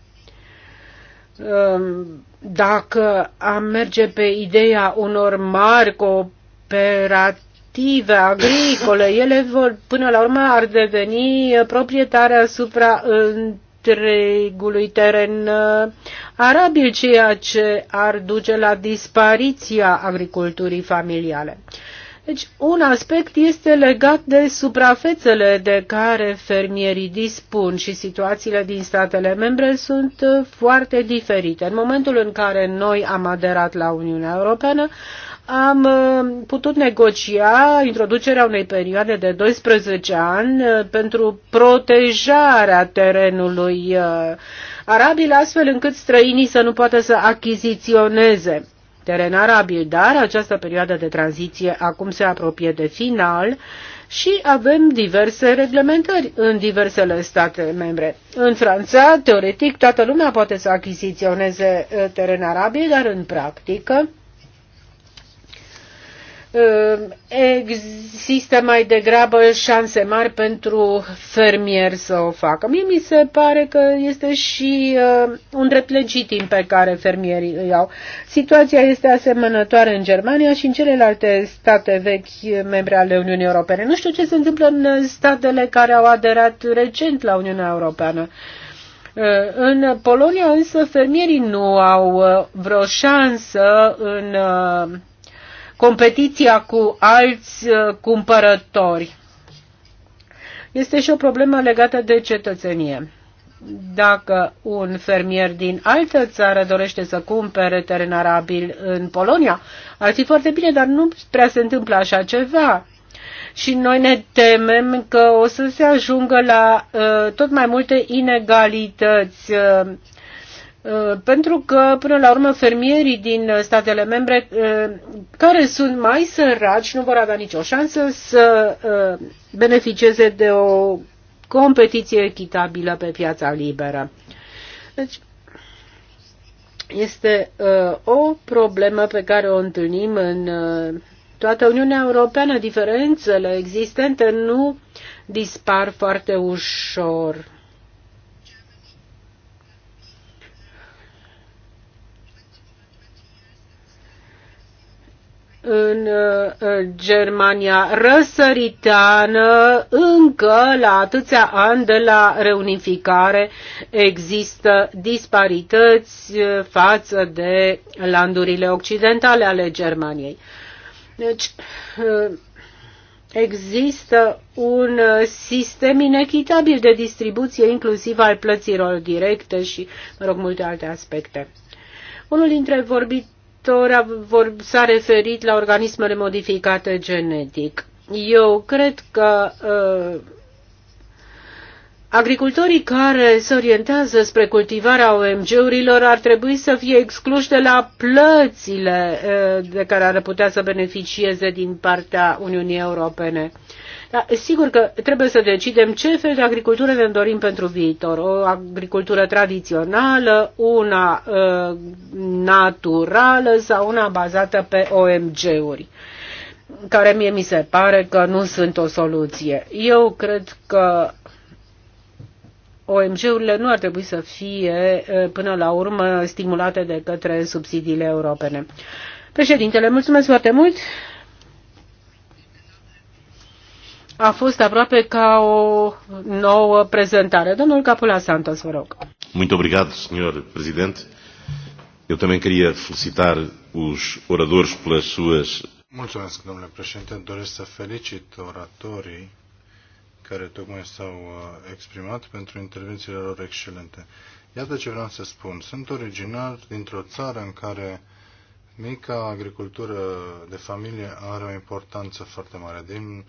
Um, dacă am merge pe ideea unor mari cooperative agricole, ele vor, până la urmă ar deveni proprietare asupra întregului teren uh, arabil, ceea ce ar duce la dispariția agriculturii familiale. Deci, un aspect este legat de suprafețele de care fermierii dispun și situațiile din statele membre sunt uh, foarte diferite. În momentul în care noi am aderat la Uniunea Europeană, am uh, putut negocia introducerea unei perioade de 12 ani uh, pentru protejarea terenului uh, arabil, astfel încât străinii să nu poată să achiziționeze teren arabil, dar această perioadă de tranziție acum se apropie de final și avem diverse reglementări în diversele state membre. În Franța, teoretic, toată lumea poate să achiziționeze teren arabil, dar în practică Ehm, există mai degrabă șanse mari pentru fermier să o facă. Mie mi se pare că este și ehm, un drept legitim pe care fermierii îi au. Situația este asemănătoare în Germania și în celelalte state vechi membre ale Uniunii Europene. Nu știu ce se întâmplă în statele care au aderat recent la Uniunea Europeană. Ehm, în Polonia însă fermierii nu au vreo șansă în competiția cu alți uh, cumpărători. Este și o problemă legată de cetățenie. Dacă un fermier din altă țară dorește să cumpere teren arabil în Polonia, ar fi foarte bine, dar nu prea se întâmplă așa ceva și noi ne temem că o să se ajungă la uh, tot mai multe inegalități uh, Uh, pentru că, până la urmă, fermierii din statele membre uh, care sunt mai săraci nu vor avea nicio șansă să uh, beneficieze de o competiție echitabilă pe piața liberă. Deci, este o problemă pe care o întâlnim în toată Uniunea Europeană. Diferențele existente nu dispar foarte ușor în Germania răsăritană, încă la atâția ani de la reunificare există disparități eh, față de landurile occidentale ale Germaniei. Deci eh, există un sistem inechitabil de distribuție, inclusiv al plăților directe și, mă rog, multe alte aspecte. Unul dintre vorbit, doctor a vor, s-a referit la organismele modificate genetic. Eu cred că uh, agricultorii care se orientează spre cultivarea OMG-urilor ar trebui să fie excluși de la plățile uh, de care ar putea să beneficieze din partea Uniunii Europene. Uh, dar sigur că trebuie să decidem ce fel de agricultură ne dorim pentru viitor. O agricultură tradițională, una uh, naturală sau una bazată pe OMG-uri care mie mi se pare că nu sunt o soluție. Eu cred că OMG-urile nu ar trebui să fie ă, până la urmă stimulate de către subsidiile europene. Președintele, mulțumesc foarte mult. a fost aproape ca o nouă prezentare. Domnul Capula Santos, vă rog. Muito obrigado, senhor presidente. Eu também queria felicitar os oradores pelas suas... Mulțumesc, domnule președinte. Doresc să felicit oratorii care tocmai s-au uh, exprimat pentru intervențiile lor excelente. Iată ce vreau să spun. Sunt originar dintr-o țară în care mica agricultură de familie are o importanță foarte mare. Din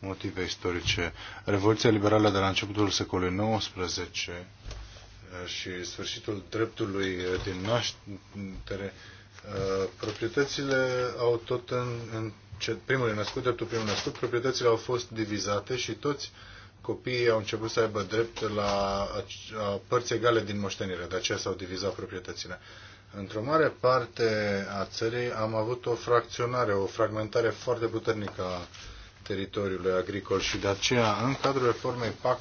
motive istorice. Revoluția liberală de la începutul secolului XIX eh, și sfârșitul dreptului din naștere, eh, proprietățile au tot în, în primul născut, dreptul primul născut, proprietățile au fost divizate și toți copiii au început să aibă drept la părți egale din moștenire, de aceea s-au divizat proprietățile. Într-o mare parte a țării am avut o fracționare, o fragmentare foarte puternică a teritoriului agricol și de aceea, în cadrul reformei PAC,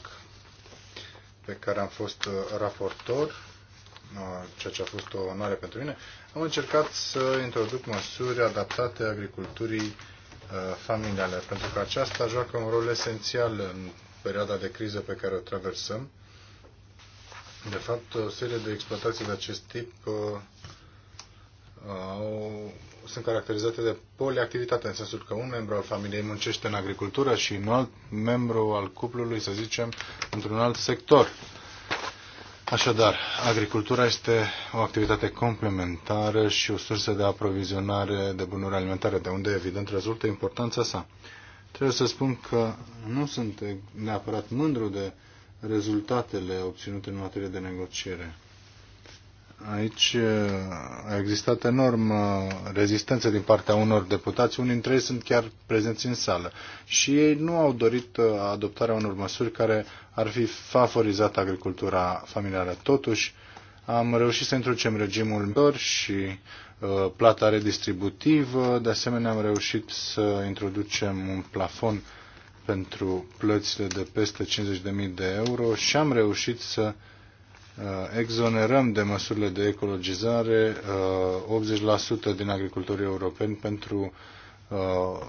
pe care am fost uh, raportor, uh, ceea ce a fost o onoare pentru mine, am încercat să introduc măsuri adaptate agriculturii uh, familiale, pentru că aceasta joacă un rol esențial în perioada de criză pe care o traversăm. De fapt, o serie de exploatații de acest tip au, sunt caracterizate de poliactivitate, în sensul că un membru al familiei muncește în agricultură și un alt membru al cuplului, să zicem, într-un alt sector. Așadar, agricultura este o activitate complementară și o sursă de aprovizionare de bunuri alimentare, de unde, evident, rezultă importanța sa. Trebuie să spun că nu sunt neapărat mândru de rezultatele obținute în materie de negociere. Aici uh, a existat enorm uh, rezistență din partea unor deputați, unii dintre ei sunt chiar prezenți în sală și ei nu au dorit uh, adoptarea unor măsuri care ar fi favorizat agricultura familială. Totuși, am reușit să introducem regimul lor și plata redistributivă, de asemenea am reușit să introducem un plafon pentru plățile de peste 50.000 de euro și am reușit să uh, Uh, exonerăm de măsurile de ecologizare 80% uh, din agricultorii europeni pentru uh,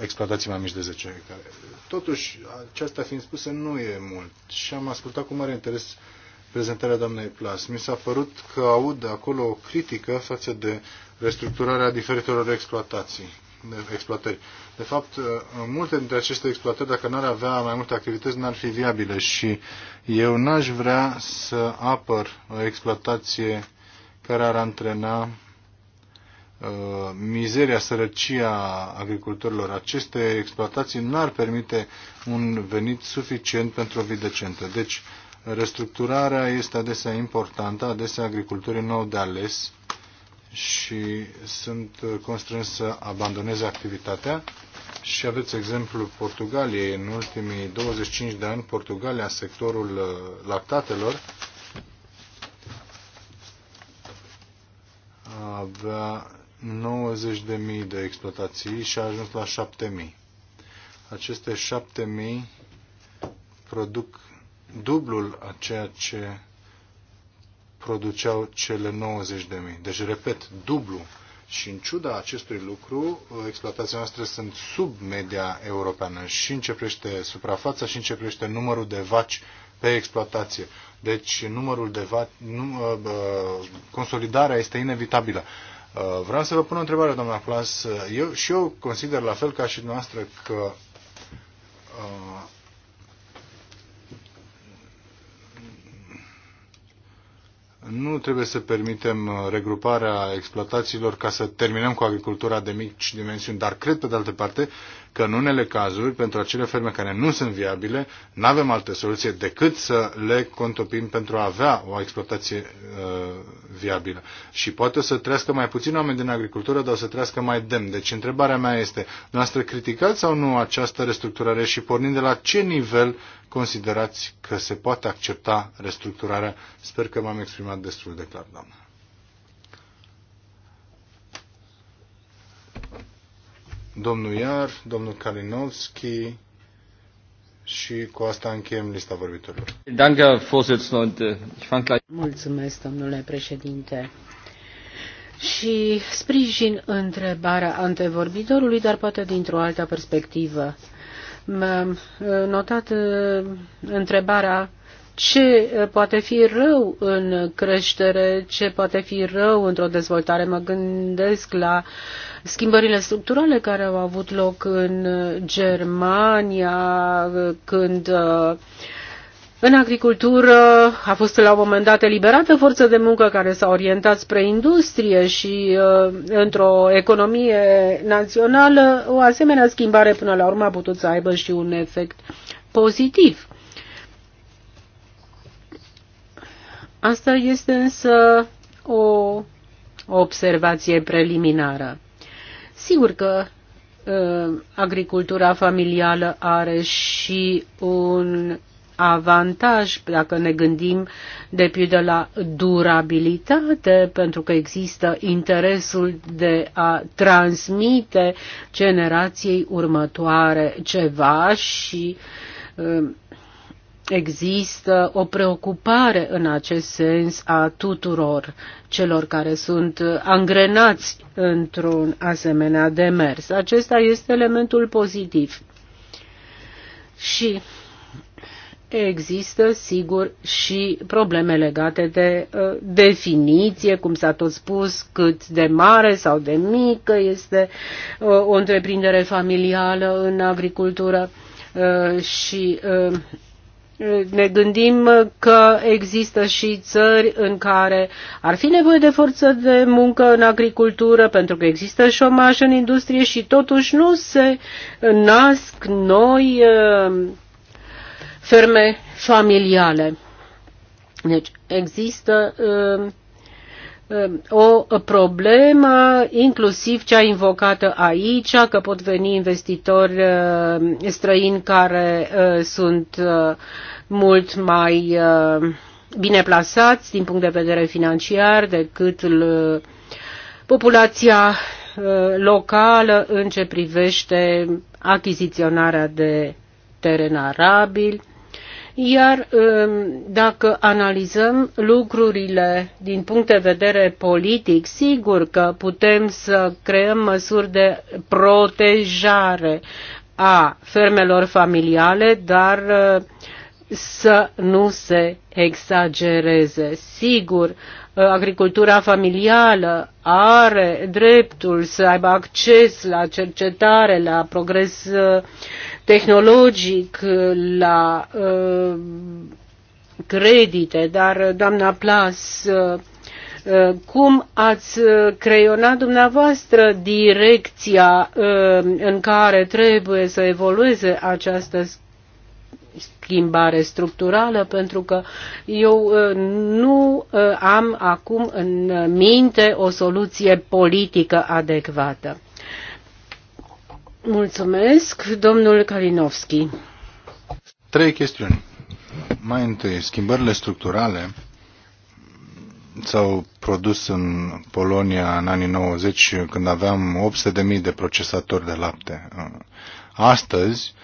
exploatații mai mici de 10 hectare. Totuși, aceasta fiind spusă, nu e mult. Și am ascultat cu mare interes prezentarea doamnei Plas. Mi s-a părut că aud acolo o critică față de restructurarea diferitelor exploatații exploatări. De fapt, uh, multe dintre aceste exploatări, dacă n-ar avea mai multe activități, n-ar fi viabile și eu n-aș vrea să apăr o exploatație care ar antrena uh, mizeria, sărăcia agricultorilor. Aceste exploatații n-ar permite un venit suficient pentru o vie decentă. Deci, restructurarea este adesea importantă, adesea agricultorii nu au de ales și sunt constrâns să abandoneze activitatea. Și aveți exemplul Portugaliei. În ultimii 25 de ani, Portugalia, sectorul uh, lactatelor, avea 90.000 de exploatații și a ajuns la 7.000. Aceste 7.000 produc dublul a ceea ce produceau cele mii, Deci, repet, dublu. Și în ciuda acestui lucru, uh, exploatațiile noastre sunt sub media europeană și începește suprafața și începește numărul de vaci pe exploatație. Deci numărul de vaci, nu, uh, uh, consolidarea este inevitabilă. Uh, vreau să vă pun o întrebare, doamna Plas. Eu și eu consider la fel ca și noastră că uh, nu trebuie să permitem uh, regruparea exploatațiilor ca să terminăm cu agricultura de mici dimensiuni, dar cred pe de altă parte că în unele cazuri, pentru acele ferme care nu sunt viabile, nu avem altă soluție decât să le contopim pentru a avea o exploatație uh, viabilă. Și poate să trăiască mai puțin oameni din agricultură, dar o să trăiască mai demn. Deci întrebarea mea este, noastră criticați sau nu această restructurare și pornind de la ce nivel considerați că se poate accepta restructurarea? Sper că m-am exprimat destul de clar, doamnă. domnul Iar, domnul Kalinowski și cu asta încheiem lista vorbitorilor. Äh, Mulțumesc, domnule președinte. Și sprijin întrebarea antevorbitorului, dar poate dintr-o altă perspectivă. M-am uh, notat uh, întrebarea ce eh, poate fi rău în creștere, ce poate fi rău într-o dezvoltare. Mă gândesc la schimbările structurale care au avut loc în eh, Germania, eh, când în agricultură a fost la un moment dat eliberată forță de muncă care s-a orientat spre industrie și într-o economie națională o asemenea schimbare până la urmă a putut să aibă și un efect pozitiv. Asta este însă o observație preliminară. Sigur că ă, agricultura familială are și un avantaj dacă ne gândim de pildă la durabilitate, pentru că există interesul de a transmite generației următoare ceva și ă, există o preocupare în acest sens a tuturor celor care sunt angrenați într-un asemenea demers. Acesta este elementul pozitiv. Și Există, sigur, și probleme legate de uh, definiție, cum s-a tot spus, cât de mare sau de mică este uh, o întreprindere familială în agricultură uh, și uh, ne gândim că există și țări în care ar fi nevoie de forță de muncă în agricultură pentru că există șomaj în industrie și totuși nu se nasc noi uh, ferme familiale. Deci există uh, Ehm, o problemă, inclusiv cea invocată aici, că pot veni investitori ehm, străini care ehm, sunt mult mai bine plasați din punct de vedere financiar decât populația locală în ce privește achiziționarea de teren arabil. Iar um, dacă analizăm lucrurile din punct de vedere politic, sigur că putem să creăm măsuri de protejare a fermelor familiale, dar uh, să nu se exagereze. Sigur, uh, agricultura familială are dreptul să aibă acces la cercetare, la progres uh, tehnologic la uh, credite, dar uh, doamna Plas, uh, cum ați creionat dumneavoastră direcția în care trebuie să evolueze această schimbare structurală, pentru că eu nu am acum în minte o soluție politică adecvată. Mulțumesc, domnul Kalinowski. Trei chestiuni. Mai întâi, schimbările structurale s-au produs în Polonia în anii 90 când aveam 800.000 de procesatori de lapte. Astăzi,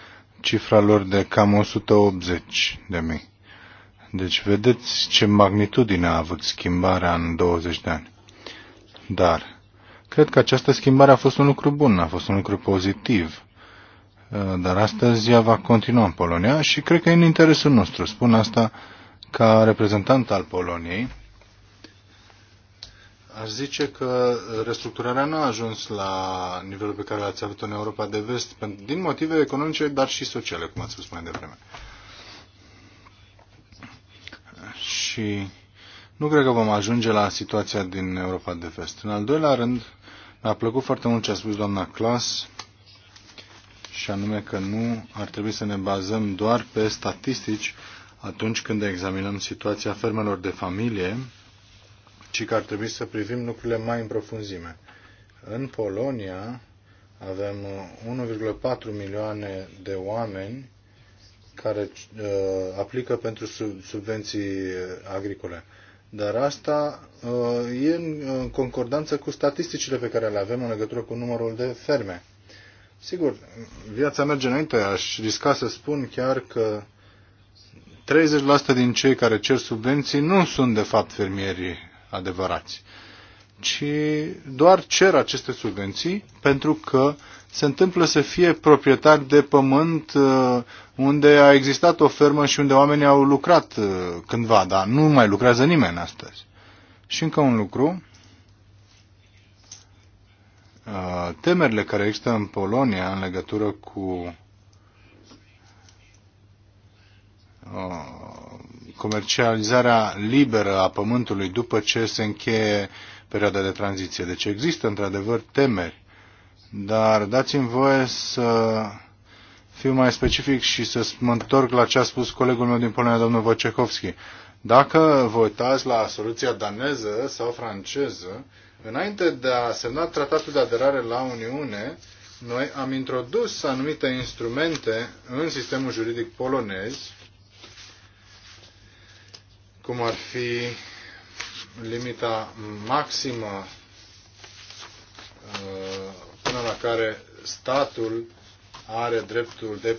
cifra lor de cam 180.000. Deci vedeți ce magnitudine a avut schimbarea în 20 de ani. Dar Cred că această schimbare a fost un lucru bun, a fost un lucru pozitiv. Uh, dar astăzi ea va continua în Polonia și cred că e în interesul nostru. Spun asta ca reprezentant al Poloniei. Aș zice că restructurarea nu a ajuns la nivelul pe care l-ați avut în Europa de vest, din motive economice, dar și sociale, cum ați spus mai devreme. Și nu cred că vom ajunge la situația din Europa de vest. În al doilea rând, mi-a plăcut foarte mult ce a spus doamna Clas și anume că nu ar trebui să ne bazăm doar pe statistici atunci când examinăm situația fermelor de familie, ci că ar trebui să privim lucrurile mai în profunzime. În Polonia avem 1,4 uh, milioane de oameni care uh, aplică pentru sub, subvenții agricole. Dar asta uh, e în concordanță cu statisticile pe care le avem în legătură cu numărul de ferme. Sigur, viața merge înainte, aș risca să spun chiar că 30% din cei care cer subvenții nu sunt de fapt fermieri adevărați, ci doar cer aceste subvenții pentru că se întâmplă să fie proprietari de pământ uh, unde a existat o fermă și unde oamenii au lucrat uh, cândva, dar nu mai lucrează nimeni astăzi. Și încă un lucru, uh, temerile care există în Polonia în legătură cu comercializarea liberă a pământului după ce se încheie perioada de tranziție. Deci există într-adevăr temeri dar dați-mi voie să fiu mai specific și să mă întorc la ce a spus colegul meu din Polonia, domnul Wojciechowski. Dacă vă uitați la soluția daneză sau franceză, înainte de a semna tratatul de aderare la Uniune, noi am introdus anumite instrumente în sistemul juridic polonez, cum ar fi limita maximă uh, persoană la care statul are dreptul de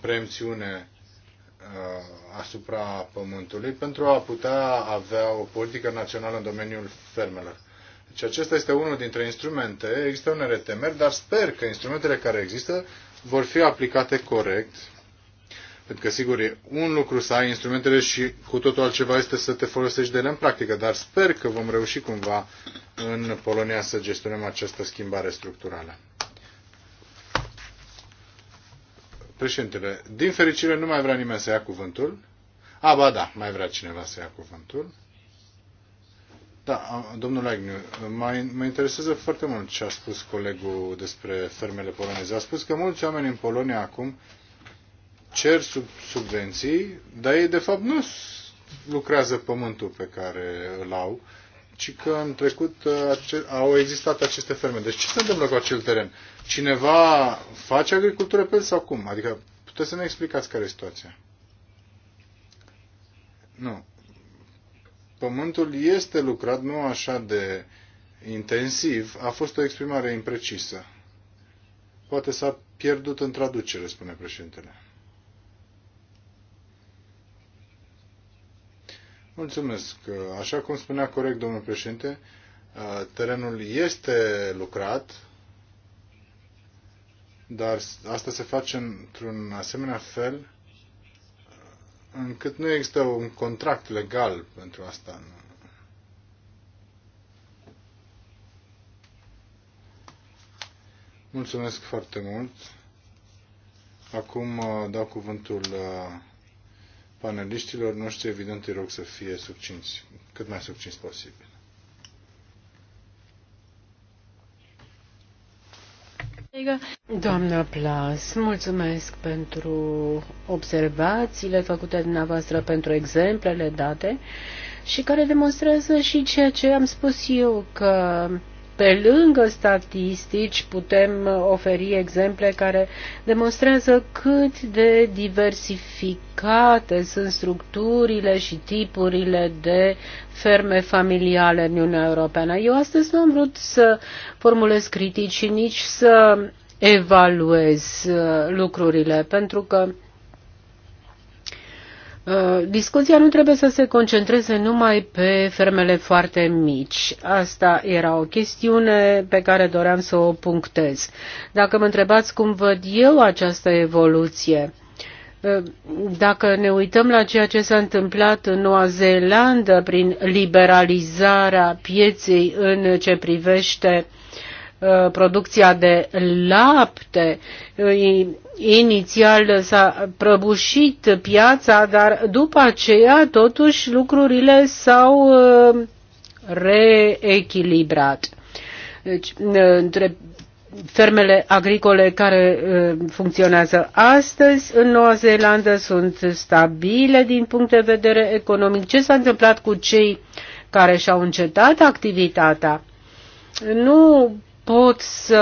preemțiune uh, asupra pământului pentru a putea avea o politică națională în domeniul fermelor. Deci acesta este unul dintre instrumente, există unele temeri, dar sper că instrumentele care există vor fi aplicate corect pentru că, sigur, e un lucru să ai instrumentele și cu totul altceva este să te folosești de ele în practică, dar sper că vom reuși cumva în Polonia să gestionăm această schimbare structurală. Președintele, din fericire nu mai vrea nimeni să ia cuvântul. A, ba da, mai vrea cineva să ia cuvântul. Da, domnul Agniu, mă interesează foarte mult ce a spus colegul despre fermele poloneze. A spus că mulți oameni în Polonia acum cer sub subvenții, dar ei de fapt nu lucrează pământul pe care îl au, ci că în trecut uh, au existat aceste ferme. Deci ce se întâmplă cu acel teren? Cineva face agricultură pe el sau cum? Adică puteți să ne explicați care e situația. Nu. Pământul este lucrat nu așa de intensiv, a fost o exprimare imprecisă. Poate s-a pierdut în traducere, spune președintele. Mulțumesc. Așa cum spunea corect domnul președinte, terenul este lucrat, dar asta se face într-un asemenea fel încât nu există un contract legal pentru asta. Mulțumesc foarte mult. Acum uh, dau cuvântul uh, paneliștilor noștri, evident, îi rog să fie succinți, cât mai succinți posibil. Doamna Plas, mulțumesc pentru observațiile făcute dumneavoastră, pentru exemplele date și care demonstrează și ceea ce am spus eu, că pe lângă statistici, putem uh, oferi exemple care demonstrează cât de diversificate sunt structurile și tipurile de ferme familiale în Uniunea Europeană. Eu astăzi nu am vrut să formulez critici și nici să evaluez uh, lucrurile, pentru că Uh, discuția nu trebuie să se concentreze numai pe fermele foarte mici. Asta era o chestiune pe care doream să o punctez. Dacă mă întrebați cum văd eu această evoluție, uh, dacă ne uităm la ceea ce s-a întâmplat în Noua Zeelandă prin liberalizarea pieței în ce privește uh, Uh, producția de lapte. Uh, inițial s-a prăbușit piața, dar după aceea totuși lucrurile s-au uh, reechilibrat. Deci, între fermele agricole care funcționează astăzi în Noua Zeelandă sunt stabile din punct de vedere economic. Ce s-a întâmplat cu cei care și-au încetat activitatea? Nu pot să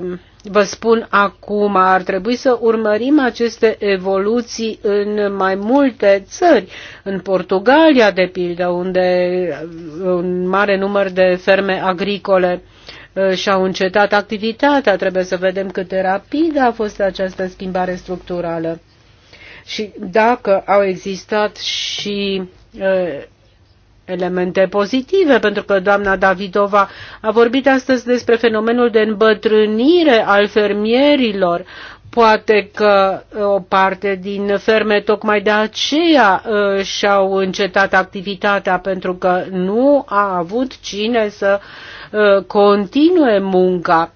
um, vă spun acum, ar trebui să urmărim aceste evoluții în mai multe țări. În Portugalia, de pildă, unde uh, un mare număr de ferme agricole uh, și-au încetat activitatea. Trebuie să vedem cât de rapidă a fost această schimbare structurală și dacă au existat și uh, elemente pozitive, pentru că doamna Davidova a vorbit astăzi despre fenomenul de îmbătrânire al fermierilor. Poate că uh, o parte din ferme tocmai de aceea uh, și-au încetat activitatea pentru că nu a avut cine să uh, continue munca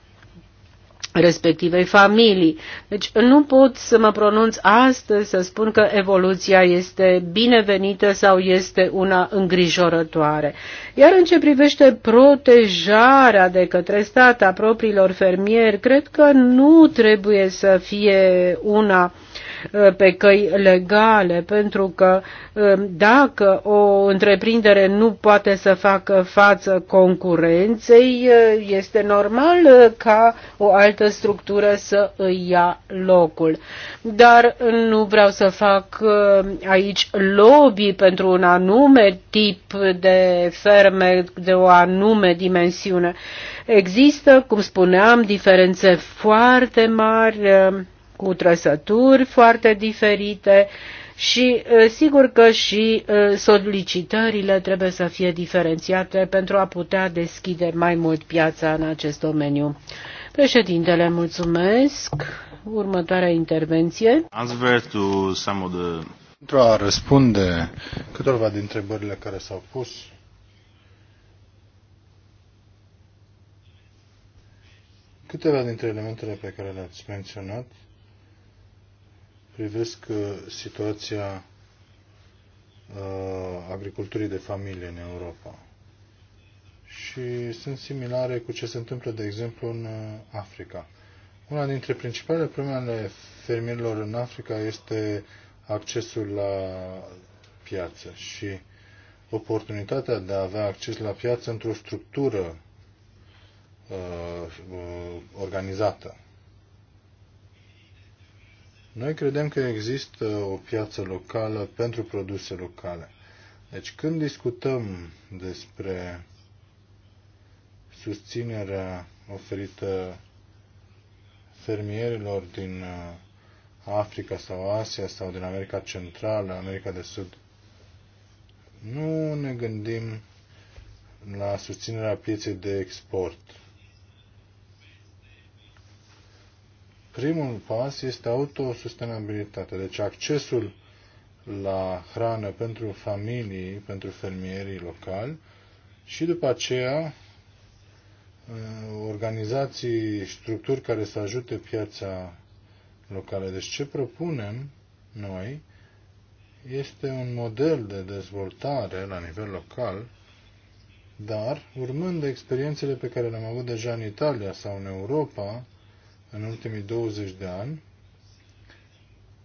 respectivei familii. Deci nu pot să mă pronunț astăzi să spun că evoluția este binevenită sau este una îngrijorătoare. Iar în ce privește protejarea de către stat a propriilor fermieri, cred că nu trebuie să fie una uh, Uh, pe căi legale, pentru că uh, dacă o întreprindere nu poate să facă față concurenței, uh, este normal ca o altă structură să îi ia locul. Dar nu vreau să fac aici lobby pentru un anume tip de ferme, de o anume dimensiune. Există, cum spuneam, diferențe foarte mari cu trăsături foarte diferite și sigur că și solicitările trebuie să fie diferențiate pentru a putea deschide mai mult piața în acest domeniu. Președintele, mulțumesc. Următoarea intervenție. Pentru a răspunde câteva din întrebările care s-au pus, câteva dintre elementele pe care le-ați menționat privesc uh, situația uh, agriculturii de familie în Europa. Și sunt similare cu ce se întâmplă, de exemplu, în uh, Africa. Una dintre principalele probleme ale fermierilor în Africa este accesul la piață și oportunitatea de a avea acces la piață într-o structură uh, organizată. Noi credem că există o piață locală pentru produse locale. Deci când discutăm despre susținerea oferită fermierilor din uh, Africa sau Asia sau din America Centrală, America de Sud, nu ne gândim la susținerea pieței de export Primul pas este autosustenabilitatea, deci accesul la hrană pentru familii, pentru fermierii locali și după aceea uh, organizații, structuri care să ajute piața locală. Deci ce propunem noi este un model de dezvoltare la nivel local, dar urmând experiențele pe care le-am avut deja în Italia sau în Europa, în ultimii 20 de ani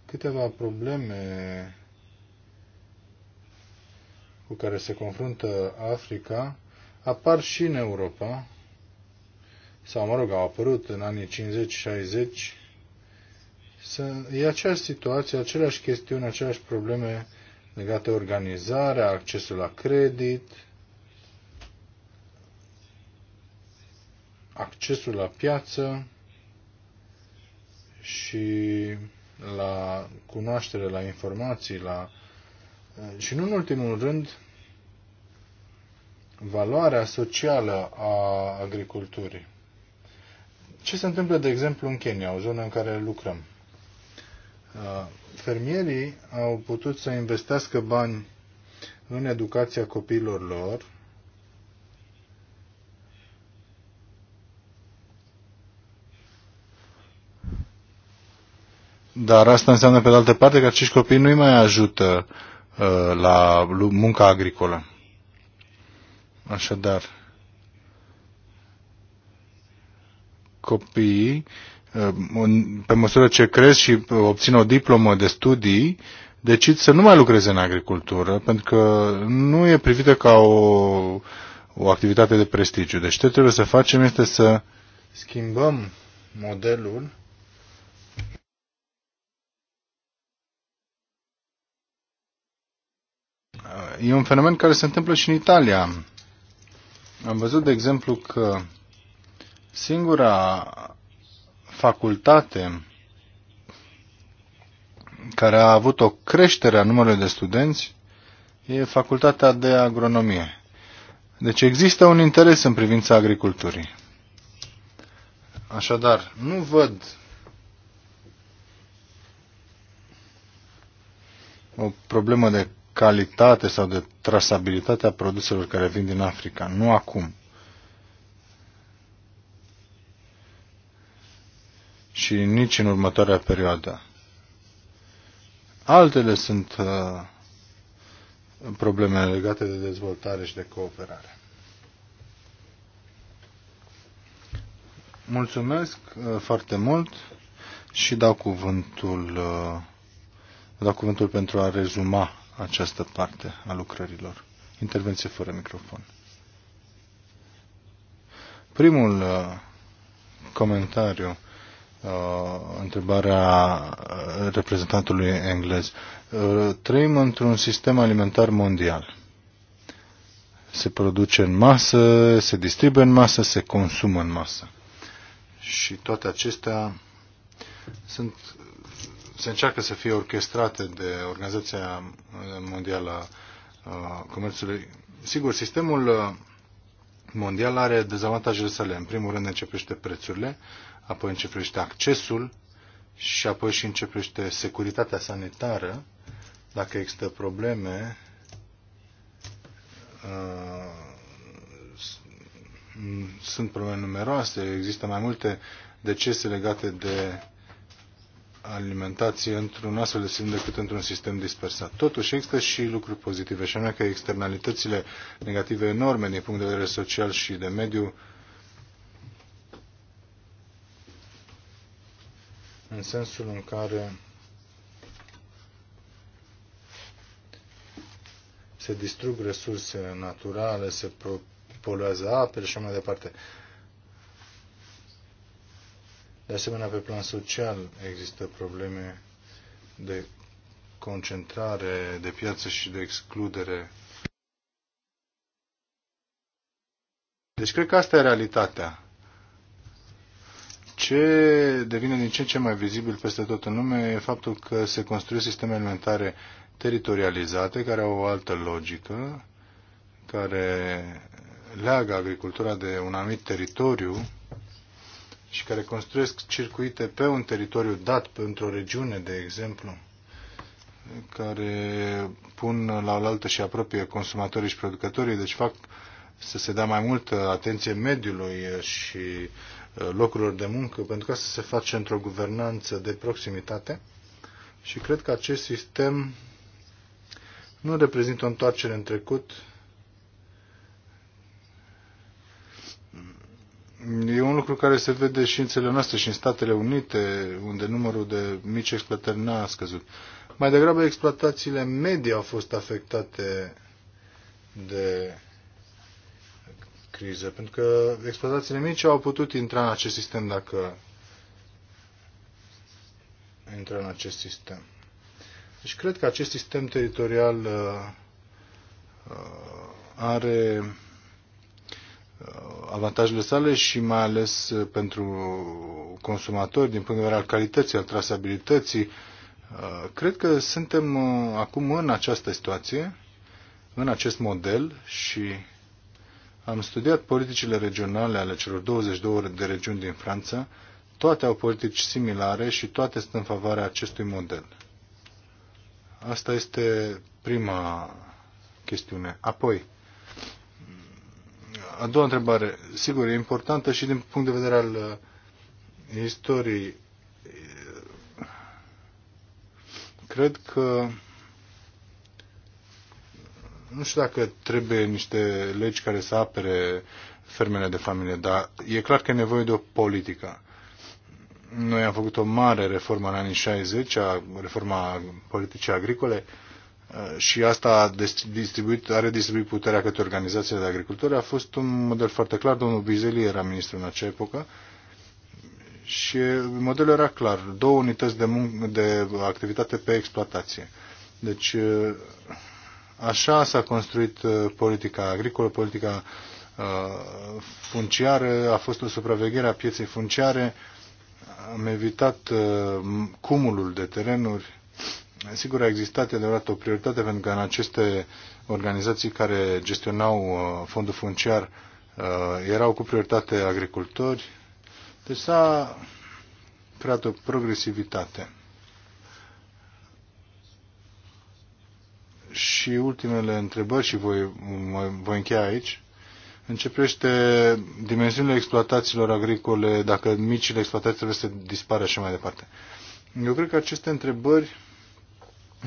câteva probleme cu care se confruntă Africa apar și în Europa, sau mă rog, au apărut în anii 50-60, e aceeași situație, aceleași chestiuni, aceleași probleme legate organizarea, accesul la credit, accesul la piață, și la cunoaștere, la informații, la... Și nu în ultimul rând, valoarea socială a agriculturii. Ce se întâmplă, de exemplu, în Kenya, o zonă în care lucrăm? Uh, fermierii au putut să investească bani în educația copiilor lor, Dar asta înseamnă, pe de altă parte, că acești copii nu-i mai ajută uh, la munca agricolă. Așadar, copiii, uh, pe măsură ce cresc și obțin o diplomă de studii, decid să nu mai lucreze în agricultură, pentru că nu e privită ca o, o activitate de prestigiu. Deci ce trebuie să facem este să schimbăm modelul E un fenomen care se întâmplă și în Italia. Am văzut, de exemplu, că singura facultate care a avut o creștere a numărului de studenți e facultatea de agronomie. Deci există un interes în privința agriculturii. Așadar, nu văd o problemă de calitate sau de trasabilitatea produselor care vin din Africa. Nu acum. Și nici în următoarea perioadă. Altele sunt uh, probleme legate de dezvoltare și de cooperare. Mulțumesc uh, foarte mult și dau cuvântul, uh, dau cuvântul pentru a rezuma această parte a lucrărilor. Intervenție fără microfon. Primul uh, comentariu, uh, întrebarea uh, reprezentantului englez. Trăim într-un sistem alimentar mondial. Se produce în masă, se distribuie în masă, se consumă în masă. Și toate acestea sunt se încearcă să fie orchestrate de Organizația Mondială a uh, Comerțului. Sigur, sistemul uh, mondial are dezavantajele sale. În primul rând începește prețurile, apoi începește accesul și apoi și începește securitatea sanitară. Dacă există probleme, uh, sunt probleme numeroase, există mai multe decese legate de alimentație într-un astfel de sistem decât într-un sistem dispersat. Totuși există și lucruri pozitive, și anume că externalitățile negative enorme din punct de vedere social și de mediu în sensul în care se distrug resurse naturale, se poluează apele și mai departe. Uh, de asemenea, pe plan social există probleme de concentrare de piață și de excludere. Deci cred că asta e realitatea. Ce devine din ce în ce mai vizibil peste tot în lume e faptul că se construiesc sisteme alimentare teritorializate, care au o altă logică, care leagă agricultura de un anumit teritoriu și care construiesc circuite pe un teritoriu dat, pe într-o regiune, de exemplu, care pun la oaltă și apropie consumatorii și producătorii, deci fac să se dea mai multă atenție mediului și uh, locurilor de muncă, pentru că să se face într-o guvernanță de proximitate. Și cred că acest sistem nu reprezintă o întoarcere în trecut, E un lucru care se vede și în țările noastre și în Statele Unite, unde numărul de mici exploatări n-a scăzut. Mai degrabă, exploatațiile medii au fost afectate de criză, pentru că exploatațiile mici au putut intra în acest sistem dacă intră în acest sistem. Deci cred că acest sistem teritorial uh, uh are uh, avantajele sale și mai ales uh, pentru consumatori din punct de vedere al calității, al trasabilității. Uh, cred că suntem uh, acum în această situație, în acest model și am studiat politicile regionale ale celor 22 de regiuni din Franța. Toate au politici similare și toate sunt în favoarea acestui model. Asta este prima chestiune. Apoi, a doua întrebare, sigur, e importantă și din punct de vedere al uh, istoriei. Cred că nu știu dacă trebuie niște legi care să apere fermele de familie, dar e clar că e nevoie de o politică. Noi am făcut o mare reformă în anii 60, a, reforma politicii agricole, uh, Uh, și asta a distribuit, are distribuit puterea către organizațiile de agricultori, a fost un model foarte clar. Domnul Bizeli era ministru în acea epocă și modelul era clar. Două unități de, de activitate pe exploatație. Deci uh, așa s-a construit uh, politica agricolă, politica funciară, a fost o supraveghere a pieței funciare, am evitat cumulul de terenuri, Sigur, a existat adevărat o prioritate pentru că în aceste organizații care gestionau uh, fondul funciar uh, erau cu prioritate agricultori. Deci s-a creat o progresivitate. Și ultimele întrebări și voi, voi încheia aici. Începește dimensiunile exploatațiilor agricole, dacă micile exploatații trebuie să dispară și mai departe. Eu cred că aceste întrebări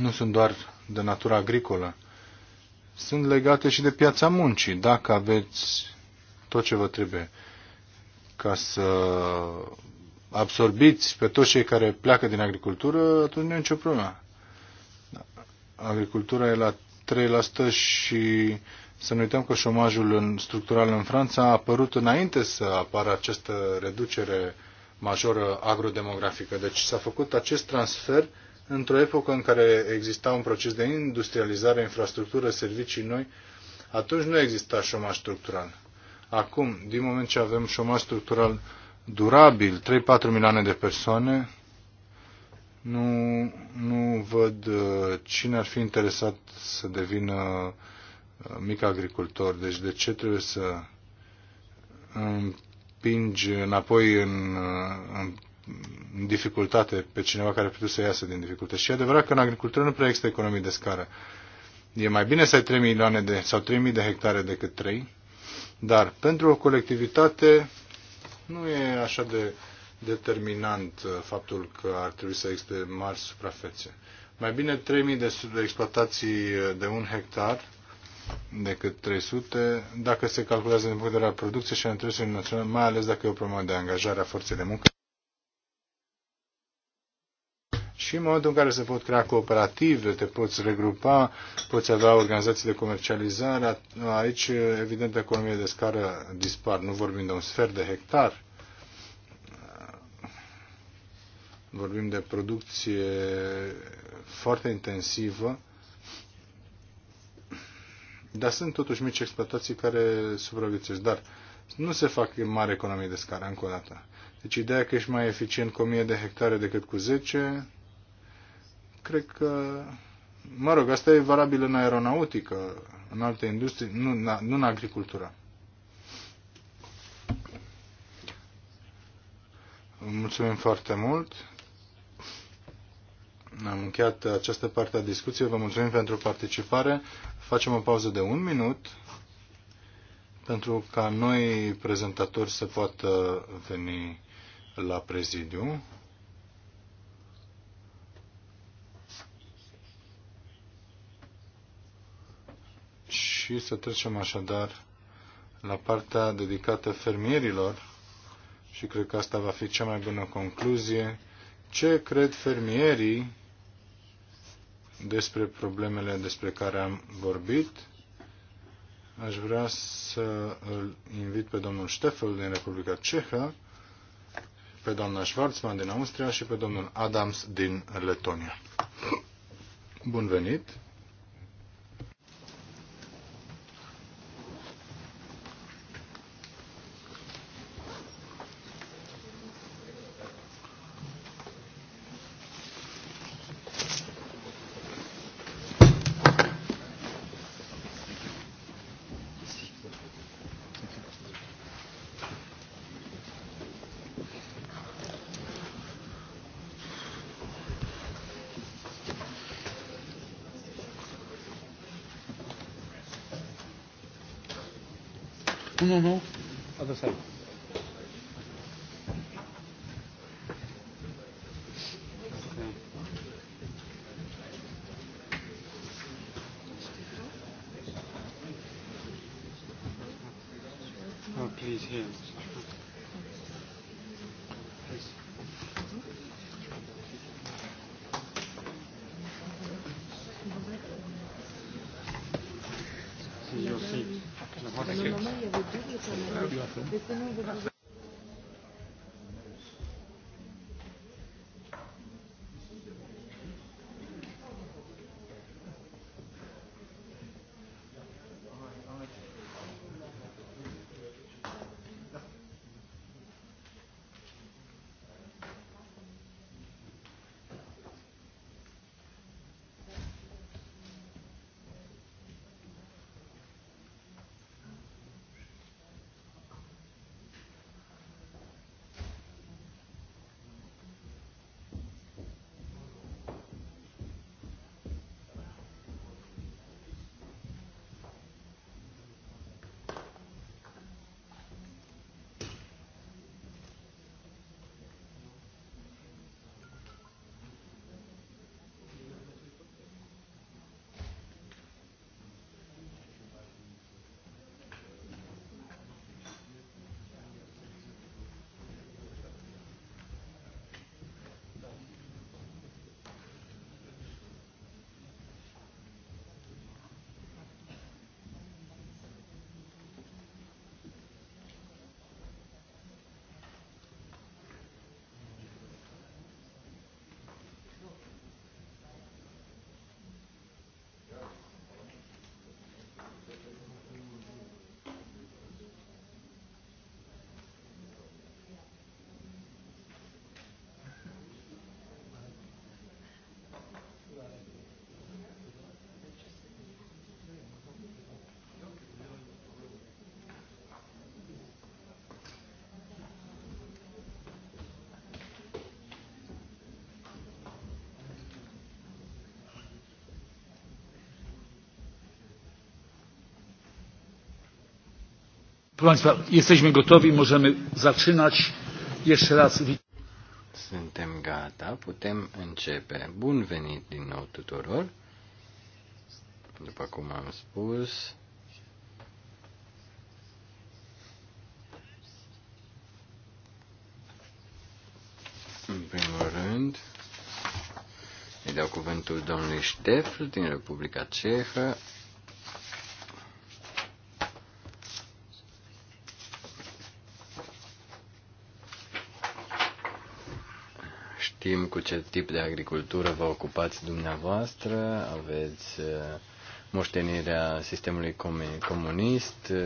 nu sunt doar de natură agricolă, sunt legate și de piața muncii. Dacă aveți tot ce vă trebuie ca să absorbiți pe toți cei care pleacă din agricultură, atunci nu e nicio problemă. Agricultura e la 3% și să nu uităm că șomajul în, structural în Franța a apărut înainte să apară această reducere majoră agrodemografică. Deci s-a făcut acest transfer într-o epocă în care exista un proces de industrializare, infrastructură, servicii noi, atunci nu exista șomaj structural. Acum, din moment ce avem șomaj structural durabil, 3-4 milioane de persoane, nu, nu văd uh, cine ar fi interesat să devină uh, mic agricultor. Deci de ce trebuie să împingi înapoi în, uh, în în dificultate pe cineva care a putut să iasă din dificultate. Și e adevărat că în agricultură nu prea există economii de scară. E mai bine să ai 3 milioane de, sau 3.000 de hectare decât 3, dar pentru o colectivitate nu e așa de determinant uh, faptul că ar trebui să existe mari suprafețe. Mai bine 3.000 de exploatații uh, de un hectar decât 300, dacă se calculează din punct de vedere al producției și a interesului național, mai ales dacă e o problemă de angajare a forței de muncă și în momentul în care se pot crea cooperative, te poți regrupa, poți avea organizații de comercializare, aici evident economie de scară dispar, nu vorbim de un sfert de hectar, vorbim de producție foarte intensivă, dar sunt totuși mici exploatații care supraviețuiesc. Dar nu se fac mari economii de scară, încă o dată. Deci ideea că ești mai eficient cu 1000 de hectare decât cu 10, Cred că, mă rog, asta e valabil în aeronautică, în alte industrie, nu, nu în agricultură. Mulțumim foarte mult. Am încheiat această parte a discuției. Vă mulțumim pentru participare. Facem o pauză de un minut pentru ca noi prezentatori să poată veni la prezidiu. și să trecem așadar la partea dedicată fermierilor și cred că asta va fi cea mai bună concluzie. Ce cred fermierii despre problemele despre care am vorbit? Aș vrea să îl invit pe domnul Ștefel din Republica Cehă, pe doamna Schwarzman din Austria și pe domnul Adams din Letonia. Bun venit! Proszę Państwa, jesteśmy gotowi, możemy zaczynać. Jeszcze raz. Suntem gata, putem începe. Bun venit din nou tuturor. După cum am spus, În primul rând, îi dau cuvântul domnului Ștefl din Republica Cehă, știm cu ce tip de agricultură vă ocupați dumneavoastră, aveți uh, moștenirea sistemului comunist uh,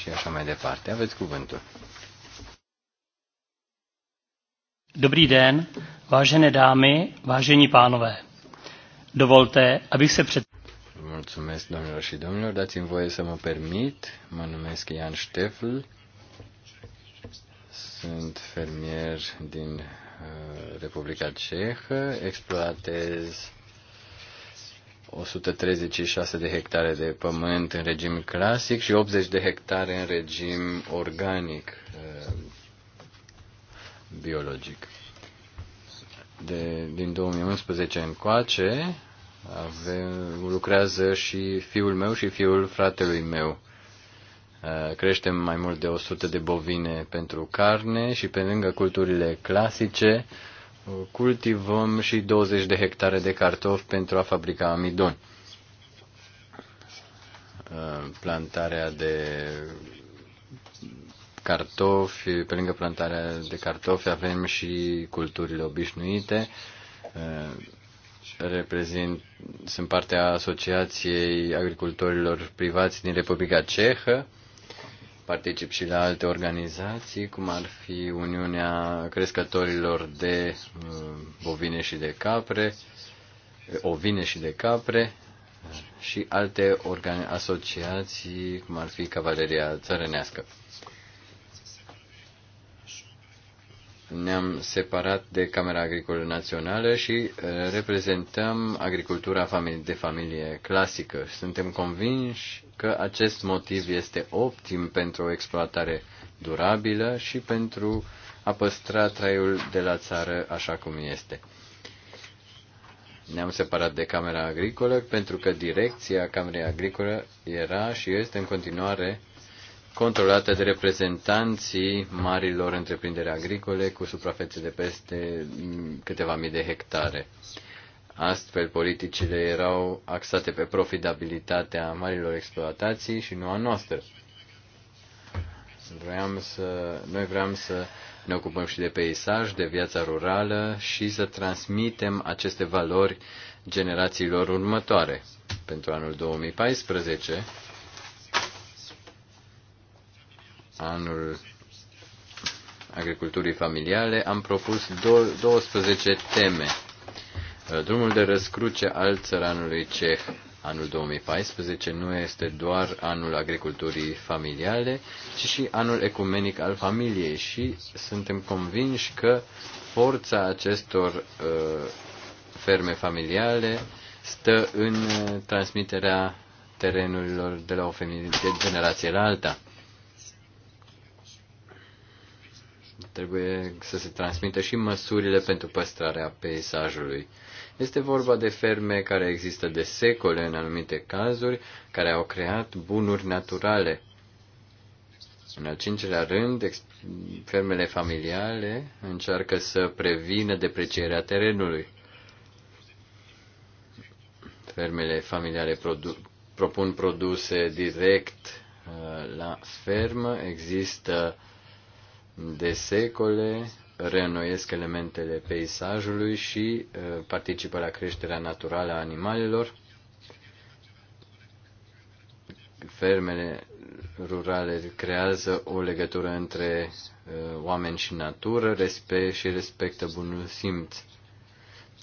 și așa mai departe. Aveți cuvântul. Dobrý den, vážené dámy, vážení pánové. Dovolte, abych se před... Mulțumesc, domnilor și domnilor. Dați-mi voie să mă permit. Mă numesc Ian Ștefl. Sunt fermier din Uh, Republica Cehă, exploatez 136 de hectare de pământ în regim clasic și 80 de hectare în regim organic uh, biologic. De, din 2011 încoace avem, lucrează și fiul meu și fiul fratelui meu Uh, creștem mai mult de 100 de bovine pentru carne și pe lângă culturile clasice uh, cultivăm și 20 de hectare de cartofi pentru a fabrica amidon. Uh, plantarea de cartofi, pe lângă plantarea de cartofi avem și culturile obișnuite. Reprezint, sunt partea Asociației Agricultorilor Privați din Republica Cehă particip și la alte organizații, cum ar fi Uniunea Crescătorilor de Bovine uh, și de Capre, Ovine și de Capre uh, și alte asociații, cum ar fi Cavaleria Țărănească. ne-am separat de Camera Agricolă Națională și uh, reprezentăm agricultura de familie clasică. Suntem convinși că acest motiv este optim pentru o exploatare durabilă și pentru a păstra traiul de la țară așa cum este. Ne-am separat de Camera Agricolă pentru că direcția Camerei Agricolă era și este în continuare controlată de reprezentanții marilor întreprinderi agricole cu suprafețe de peste mm, câteva mii de hectare. Astfel, politicile erau axate pe profitabilitatea marilor exploatații și nu a noastră. Vreau să, noi vreau să ne ocupăm și de peisaj, de viața rurală și să transmitem aceste valori generațiilor următoare. Pentru anul 2014, anul agriculturii familiale, am propus 12 teme. Uh, drumul de răscruce al țăranului ceh anul 2014 nu este doar anul agriculturii familiale, ci și anul ecumenic al familiei și suntem convinși că forța acestor uh, ferme familiale stă în uh, transmiterea terenurilor de la o familie de generație la alta. Trebuie să se transmită și măsurile pentru păstrarea peisajului. Este vorba de ferme care există de secole în anumite cazuri, care au creat bunuri naturale. În al cincilea rând, fermele familiale încearcă să prevină deprecierea terenului. Fermele familiale produ- propun produse direct uh, la fermă, există de secole, reînnoiesc elementele peisajului și uh, participă la creșterea naturală a animalelor. Fermele rurale creează o legătură între uh, oameni și natură respect și respectă bunul simț.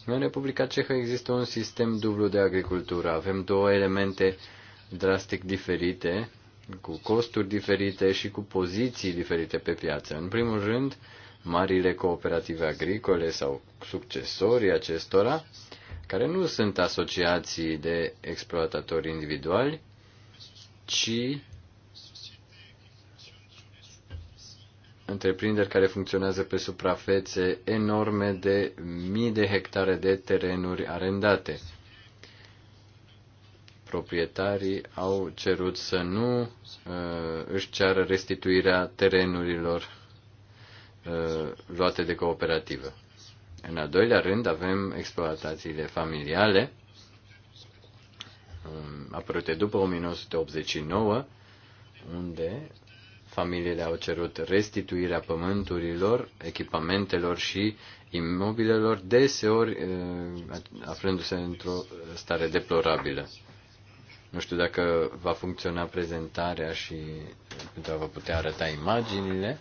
În Republica Cehă există un sistem dublu de agricultură. Avem două elemente drastic diferite cu costuri diferite și cu poziții diferite pe piață. În primul rând, marile cooperative agricole sau succesorii acestora, care nu sunt asociații de exploatatori individuali, ci întreprinderi care funcționează pe suprafețe enorme de mii de hectare de terenuri arendate proprietarii au cerut să nu uh, își ceară restituirea terenurilor uh, luate de cooperativă. În al doilea rând avem exploatațiile familiale, um, apărute după 1989, unde familiile au cerut restituirea pământurilor, echipamentelor și imobilelor, deseori uh, aflându-se într-o stare deplorabilă. Nu știu dacă va funcționa prezentarea și pentru a vă putea arăta imaginile.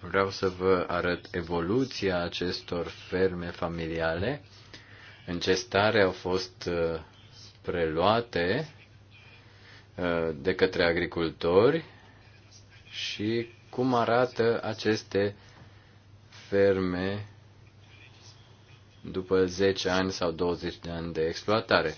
Vreau să vă arăt evoluția acestor ferme familiale, în ce stare au fost uh, preluate uh, de către agricultori și cum arată aceste ferme după 10 ani sau 20 de ani de exploatare.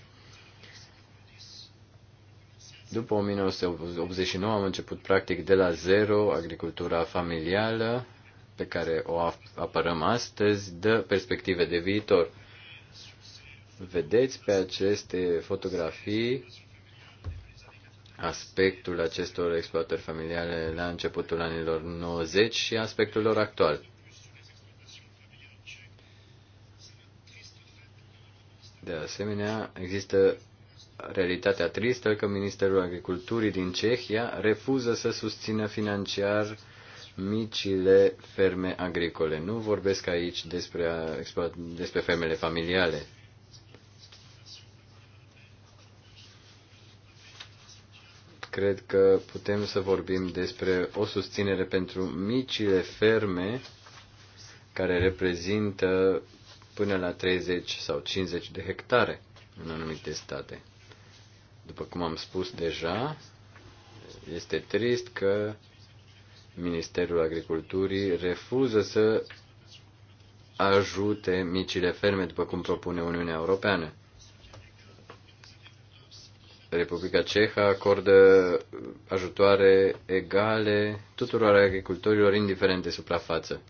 După 1989 am început practic de la zero agricultura familială pe care o apărăm astăzi, dă perspective de viitor. Vedeți pe aceste fotografii aspectul acestor exploatări familiale la începutul anilor 90 și aspectul lor actual. De asemenea, există realitatea tristă că Ministerul Agriculturii din Cehia refuză să susțină financiar micile ferme agricole. Nu vorbesc aici despre, despre fermele familiale. Cred că putem să vorbim despre o susținere pentru micile ferme care reprezintă până la 30 sau 50 de hectare în anumite state. După cum am spus deja, este trist că Ministerul Agriculturii refuză să ajute micile ferme, după cum propune Uniunea Europeană. Republica Ceha acordă ajutoare egale tuturor agricultorilor, indiferent de suprafață.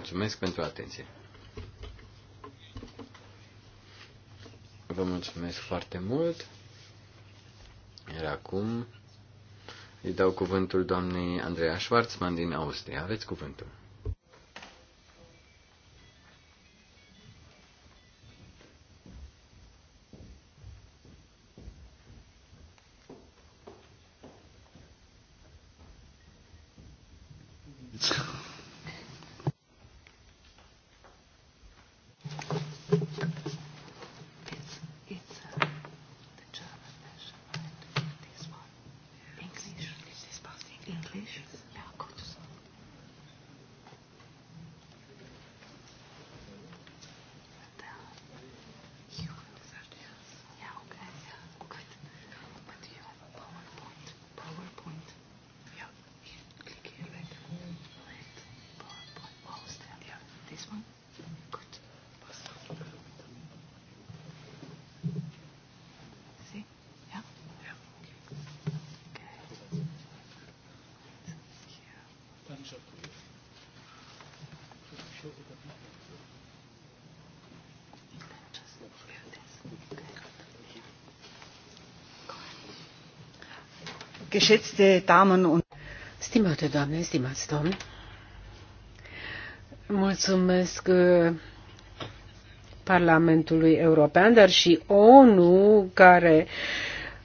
mulțumesc pentru atenție. Vă mulțumesc foarte mult. Iar acum îi dau cuvântul doamnei Andreea Schwarzman din Austria. Aveți cuvântul. geschätzte Damen und Stimate doamne, stimați domni, mulțumesc uh, Parlamentului European, dar și ONU, care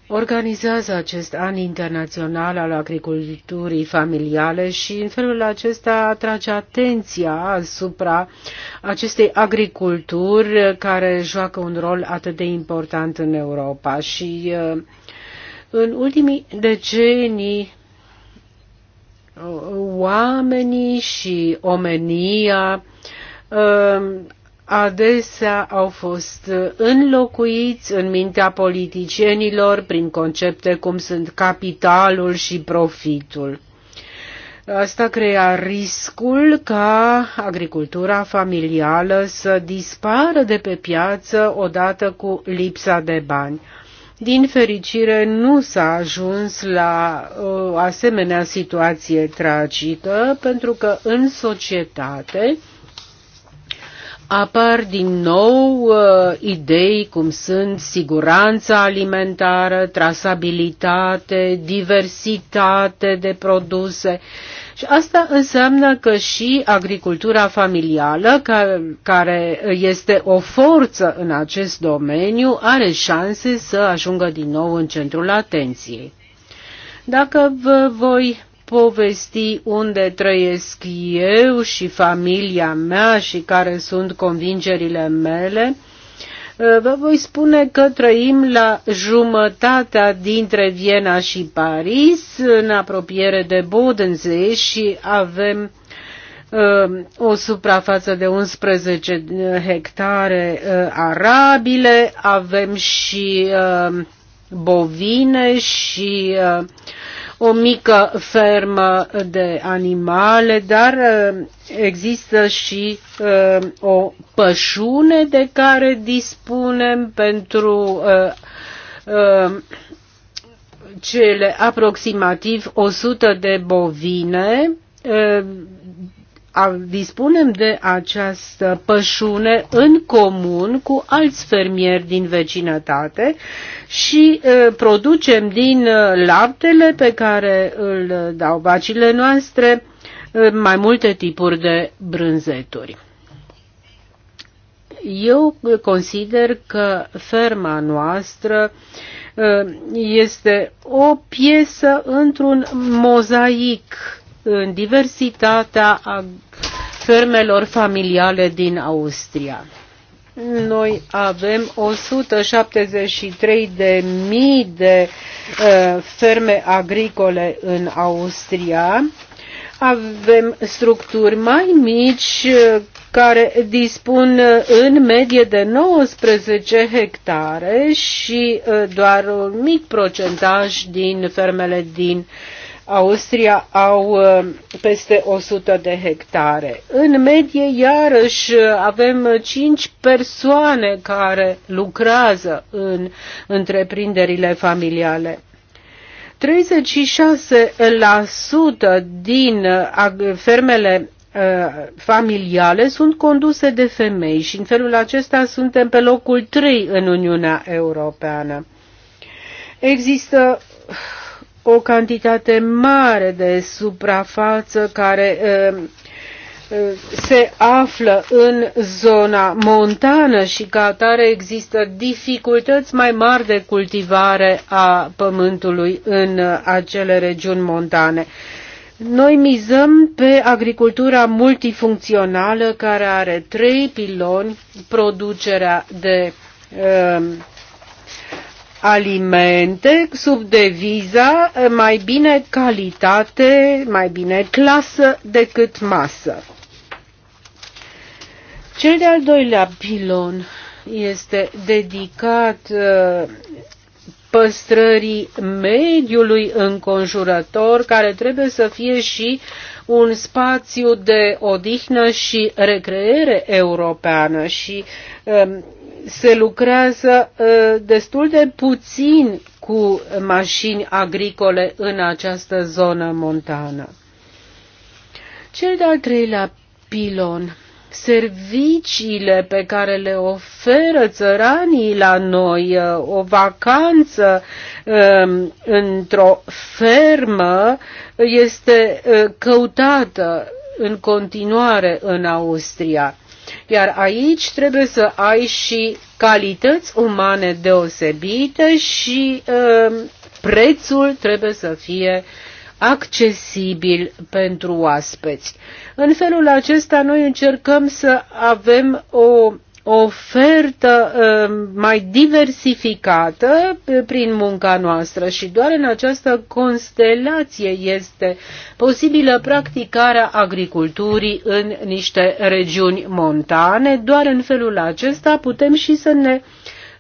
organizează acest an internațional al agriculturii familiale și în felul acesta atrage atenția asupra acestei agriculturi care joacă un rol atât de important în Europa. Și uh, în ultimii decenii, oamenii și omenia um, adesea au fost înlocuiți în mintea politicienilor prin concepte cum sunt capitalul și profitul. Asta crea riscul ca agricultura familială să dispară de pe piață odată cu lipsa de bani. Din fericire, nu s-a ajuns la uh, o asemenea situație tragică, pentru că în societate apar din nou uh, idei cum sunt siguranța alimentară, trasabilitate, diversitate de produse și asta înseamnă că și agricultura familială, care este o forță în acest domeniu, are șanse să ajungă din nou în centrul atenției. Dacă vă voi povesti unde trăiesc eu și familia mea și care sunt convingerile mele, Eh, vă voi spune că trăim la jumătatea dintre Viena și Paris, în apropiere de Bodensee și avem eh, o suprafață de 11 eh, hectare arabile, avem și uh, bovine și uh, o mică fermă de animale, dar uh, există și uh, o pășune de care dispunem pentru cele aproximativ 100 de bovine dispunem de această pășune în comun cu alți fermieri din vecinătate și producem din laptele pe care îl dau vacile noastre mai multe tipuri de brânzeturi. Eu consider că ferma noastră este o piesă într-un mozaic în diversitatea fermelor familiale din Austria. Noi avem 173 de mii de uh, ferme agricole în Austria. Avem structuri mai mici uh, care dispun uh, în medie de 19 hectare și uh, doar un mic procentaj din fermele din uh, Austria au uh, peste 100 de hectare. În medie, iarăși, uh, avem 5 uh, persoane care lucrează în întreprinderile familiale. 36% din fermele familiale sunt conduse de femei și în felul acesta suntem pe locul 3 în Uniunea Europeană. Există o cantitate mare de suprafață care se află în zona montană și ca atare există dificultăți mai mari de cultivare a pământului în acele regiuni montane. Noi mizăm pe agricultura multifuncțională care are trei piloni, producerea de uh, alimente sub deviza eh, mai bine calitate, mai bine clasă decât masă. Cel de-al doilea pilon este dedicat eh, păstrării mediului înconjurător, care trebuie să fie și un spațiu de odihnă și recreere europeană și eh, se lucrează ă, destul de puțin cu mașini agricole în această zonă montană. Cel de-al treilea pilon serviciile pe care le oferă țăranii la noi, ă, o vacanță ă, într-o fermă este căutată în continuare în Austria. Iar aici trebuie să ai și calități umane deosebite și uh, prețul trebuie să fie accesibil pentru oaspeți. În felul acesta noi încercăm să avem o ofertă uh, mai diversificată uh, prin munca noastră și doar în această constelație este posibilă practicarea agriculturii în niște regiuni montane. Doar în felul acesta putem și să ne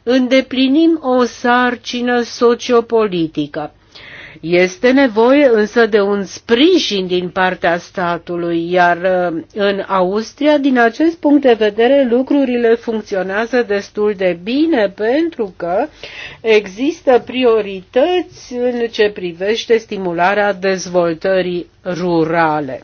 îndeplinim o sarcină sociopolitică. Este nevoie însă de un sprijin din partea statului, iar uh, în Austria, din acest punct de vedere, lucrurile funcționează destul de bine pentru că există priorități în ce privește stimularea dezvoltării rurale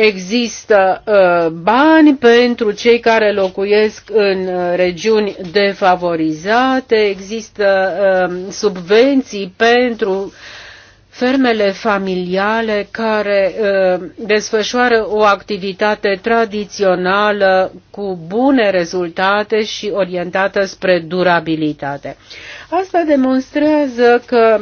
există uh, bani pentru cei care locuiesc în uh, regiuni defavorizate, există uh, subvenții pentru fermele familiale care desfășoară o activitate tradițională cu bune rezultate și orientată spre durabilitate. Asta demonstrează că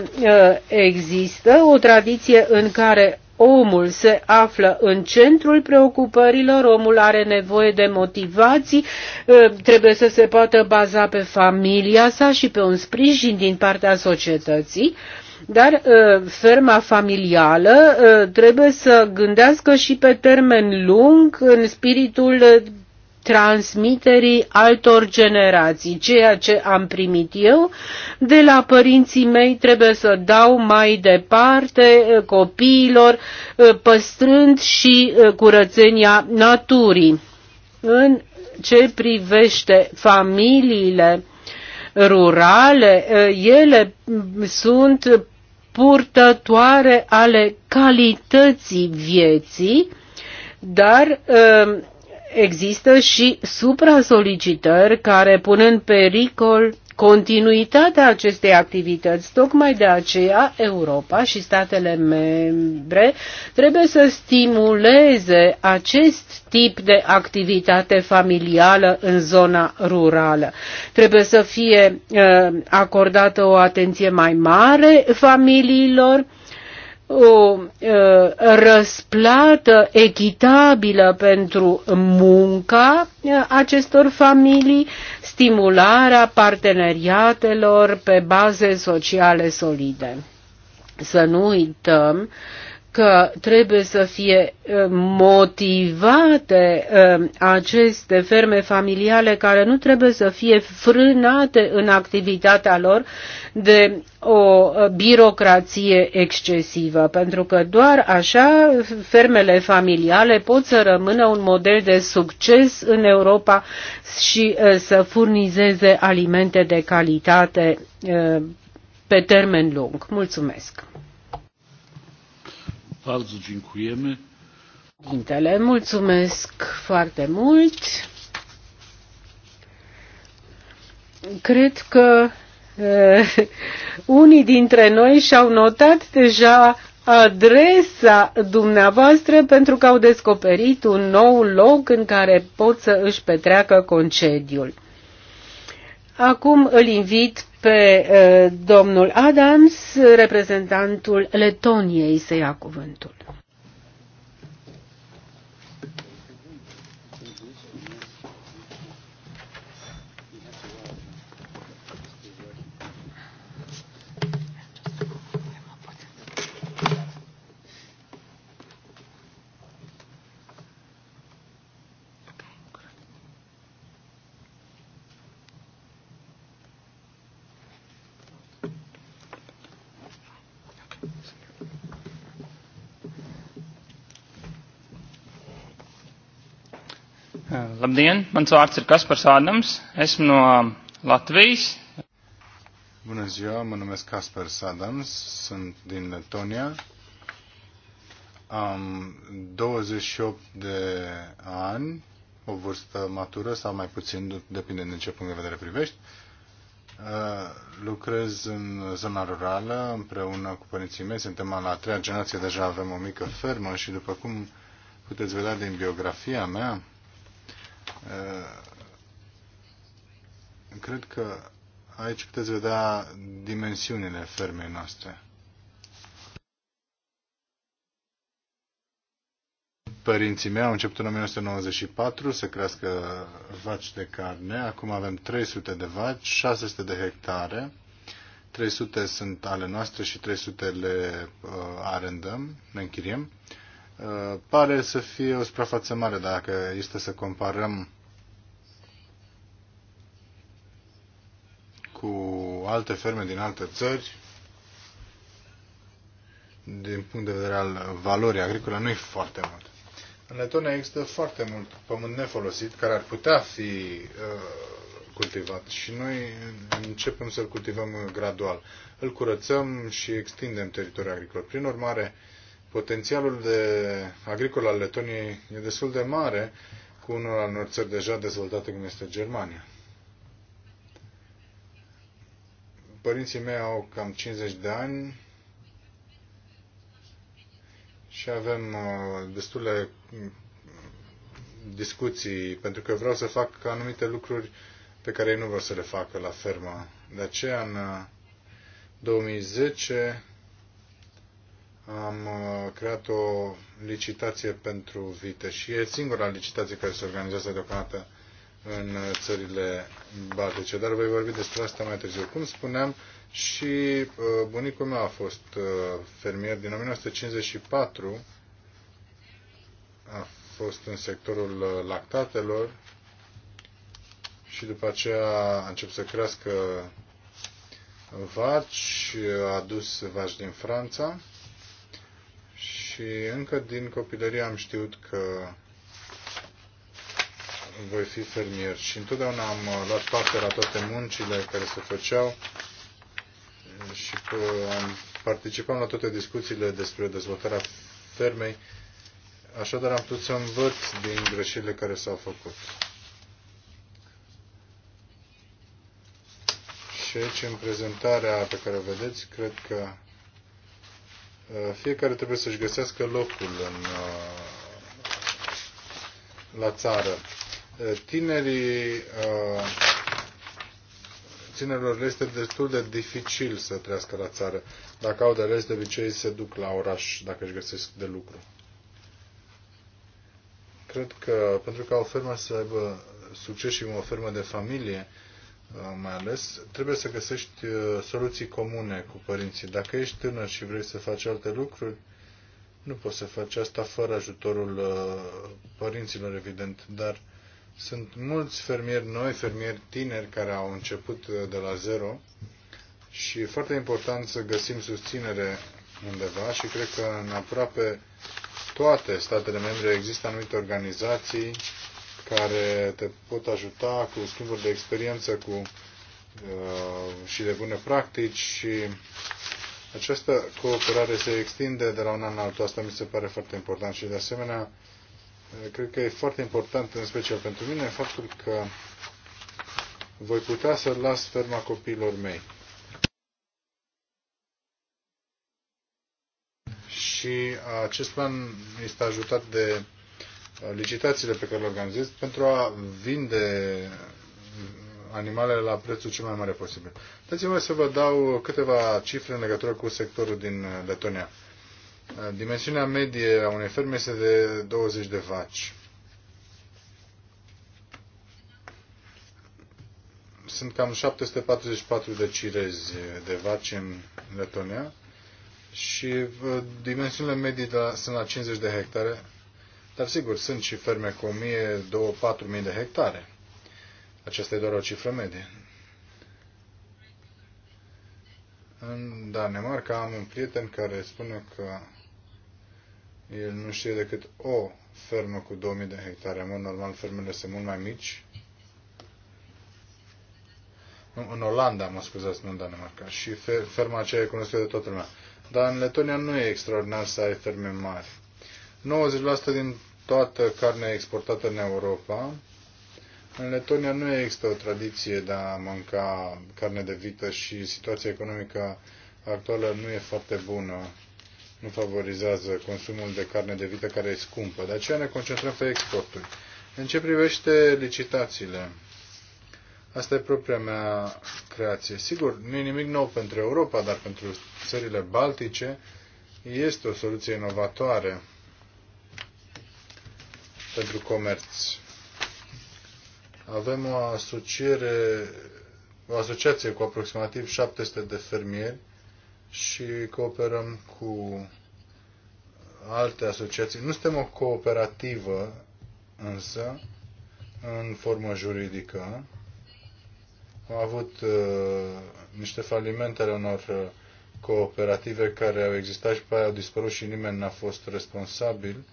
există o tradiție în care omul se află în centrul preocupărilor, omul are nevoie de motivații, ă, trebuie să se poată baza pe familia sa și pe un sprijin din partea societății dar ă, ferma familială ă, trebuie să gândească și pe termen lung în spiritul transmiterii altor generații. Ceea ce am primit eu de la părinții mei trebuie să dau mai departe eh, copiilor, eh, păstrând și eh, curățenia naturii. În ce privește familiile rurale, ele sunt purtătoare ale calității vieții, dar uh, există și supra-solicitări care pun în pericol continuitatea acestei activități. Tocmai de aceea Europa și statele membre trebuie să stimuleze acest tip de activitate familială în zona rurală. Trebuie să fie uh, acordată o atenție mai mare familiilor o răsplată echitabilă pentru munca acestor familii, stimularea parteneriatelor pe baze sociale solide. Să nu uităm că trebuie să fie uh, motivate uh, aceste ferme familiale care nu trebuie să fie frânate în activitatea lor de o uh, birocrație excesivă, pentru că doar așa fermele familiale pot să rămână un model de succes în Europa și să furnizeze alimente de calitate pe termen lung. Mulțumesc! Bardzo mulțumesc foarte mult. Cred că uh, unii dintre noi și-au notat deja adresa dumneavoastră pentru că au descoperit un nou loc în care pot să își petreacă concediul. Acum îl invit pe eh, domnul Adams, reprezentantul Letoniei, să ia cuvântul. Eh, labdien, mans vārds ir Kaspars Ādams, esmu no um, Latvijas. Bună ziua, mă numesc Kaspars Ādams, sunt din Letonia. Am 28 de ani, o vârstă matură sau mai puțin, depinde din ce punct de vedere privești. Eh, lucrez în zona rurală împreună cu părinții mei, suntem la a treia generație, deja avem o mică fermă și după cum puteți vedea din biografia mea, Uh, cred că aici puteți vedea dimensiunile fermei noastre. Părinții mei au început în 1994 să crească vaci de carne. Acum avem 300 de vaci, 600 de hectare. 300 sunt ale noastre și 300 le uh, arendăm, ne închiriem. Uh, Uh, pare să fie o suprafață mare dacă este să comparăm cu alte ferme din alte țări. Din punct de vedere al valorii agricole, nu e foarte mult. În Letonia există foarte mult pământ nefolosit care ar putea fi uh, cultivat și noi începem să-l cultivăm gradual. Îl curățăm și extindem teritoriul agricol. Prin urmare, uh, Potențialul de agricol al Letoniei e destul de mare cu unul al unor țări deja dezvoltate cum este Germania. Părinții mei au cam 50 de ani și avem uh, destule discuții, pentru că vreau să fac anumite lucruri pe care ei nu vor să le facă la fermă. De aceea, în 2010, uh, am uh, creat o licitație pentru vite și e singura licitație care se organizează deocamdată în uh, țările baltice, dar voi vorbi despre asta mai târziu. Cum spuneam, și uh, bunicul meu a fost fermier din 1954, a fost în sectorul lactatelor și după aceea a început să crească vaci, a adus vaci din Franța și încă din copilărie am știut că voi fi fermier și întotdeauna am uh, luat parte la toate muncile care se făceau și uh, am participat la toate discuțiile despre dezvoltarea fermei, așadar am putut să învăț din greșelile care s-au făcut. Și aici, în prezentarea pe care o vedeți, cred că Uh, fiecare trebuie să-și găsească locul în, uh, la țară. Uh, tinerii tinerilor le este destul de dificil să trăiască la țară. Dacă au de ales, de obicei se duc la oraș dacă își găsesc de lucru. Cred că pentru că o fermă să aibă succes și o fermă de familie, Uh, mai ales, trebuie să găsești uh, soluții comune cu părinții. Dacă ești tânăr și vrei să faci alte lucruri, nu poți să faci asta fără ajutorul uh, părinților, evident, dar sunt mulți fermieri noi, fermieri tineri care au început de la zero și e foarte important să găsim susținere undeva și cred că în aproape toate statele membre există anumite organizații care te pot ajuta cu schimburi de experiență cu, uh, și de bune practici și această cooperare se extinde de la un an la altul. Asta mi se pare foarte important și de asemenea uh, cred că e foarte important, în special pentru mine, faptul că voi putea să las ferma copiilor mei. Și uh, acest plan este ajutat de licitațiile pe care le organizez pentru a vinde animalele la prețul cel mai mare posibil. Dați-mi să vă dau câteva cifre în legătură cu sectorul din Letonia. Dimensiunea medie a unei ferme este de 20 de vaci. Sunt cam 744 de cirezi de vaci în Letonia și uh, dimensiunile medii de la, sunt la 50 de hectare dar sigur, sunt și ferme cu 1000-4000 de hectare. Aceasta e doar o cifră medie. În Danemarca am un prieten care spune că el nu știe decât o fermă cu 2000 de hectare. În mod normal, fermele sunt mult mai mici. Nu, în Olanda, mă scuzați, nu în Danemarca. Și ferma aceea e cunoscută de toată lumea. Dar în Letonia nu e extraordinar să ai ferme mari. 90% din toată carnea exportată în Europa. În Letonia nu există o tradiție de a mânca carne de vită și situația economică actuală nu e foarte bună. Nu favorizează consumul de carne de vită care e scumpă. De aceea ne concentrăm pe exporturi. În ce privește licitațiile, asta e propria mea creație. Sigur, nu e nimic nou pentru Europa, dar pentru țările baltice este o soluție inovatoare pentru comerț. Avem o asociere, o asociație cu aproximativ 700 de fermieri și cooperăm cu alte asociații. Nu suntem o cooperativă, însă, în formă juridică. Am avut uh, niște falimente ale unor uh, cooperative care au existat și pe aia au dispărut și nimeni n-a fost responsabil.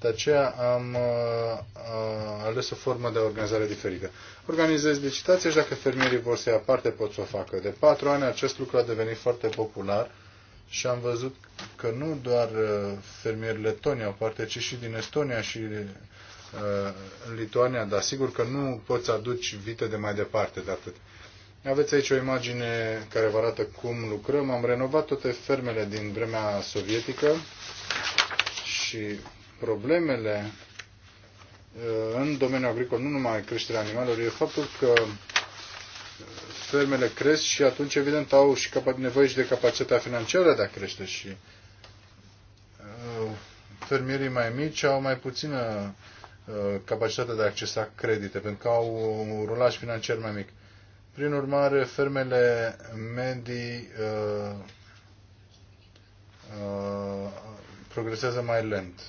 De aceea am uh, uh, ales o formă de organizare diferită. Organizez licitații și dacă fermierii vor să ia parte, pot să o facă. De patru ani acest lucru a devenit foarte popular și am văzut că nu doar uh, fermierii letoni au parte, ci și din Estonia și uh, Lituania, dar sigur că nu poți aduci vite de mai departe de atât. Aveți aici o imagine care vă arată cum lucrăm. Am renovat toate fermele din vremea sovietică și problemele uh, în domeniul agricol, nu numai creșterea animalelor, e faptul că uh, fermele cresc și atunci, evident, au și nevoie și de capacitatea financiară de a crește și uh, fermierii mai mici au mai puțină capacitatea de a accesa credite, pentru că au un rulaj financiar mai mic. Prin urmare, fermele medii uh, uh, progresează mai lent.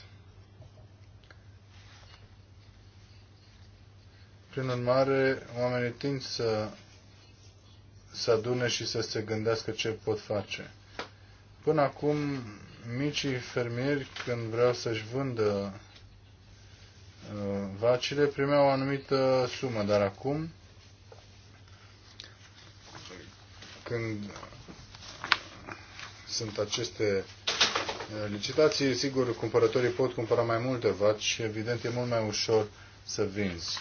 Prin urmare, oamenii tind să să adune și să se gândească ce pot face. Până acum, micii fermieri, când vreau să-și vândă uh, vacile, primeau o anumită sumă, dar acum, când sunt aceste uh, licitații, sigur, cumpărătorii pot cumpăra mai multe vaci și, evident, e mult mai ușor să vinzi.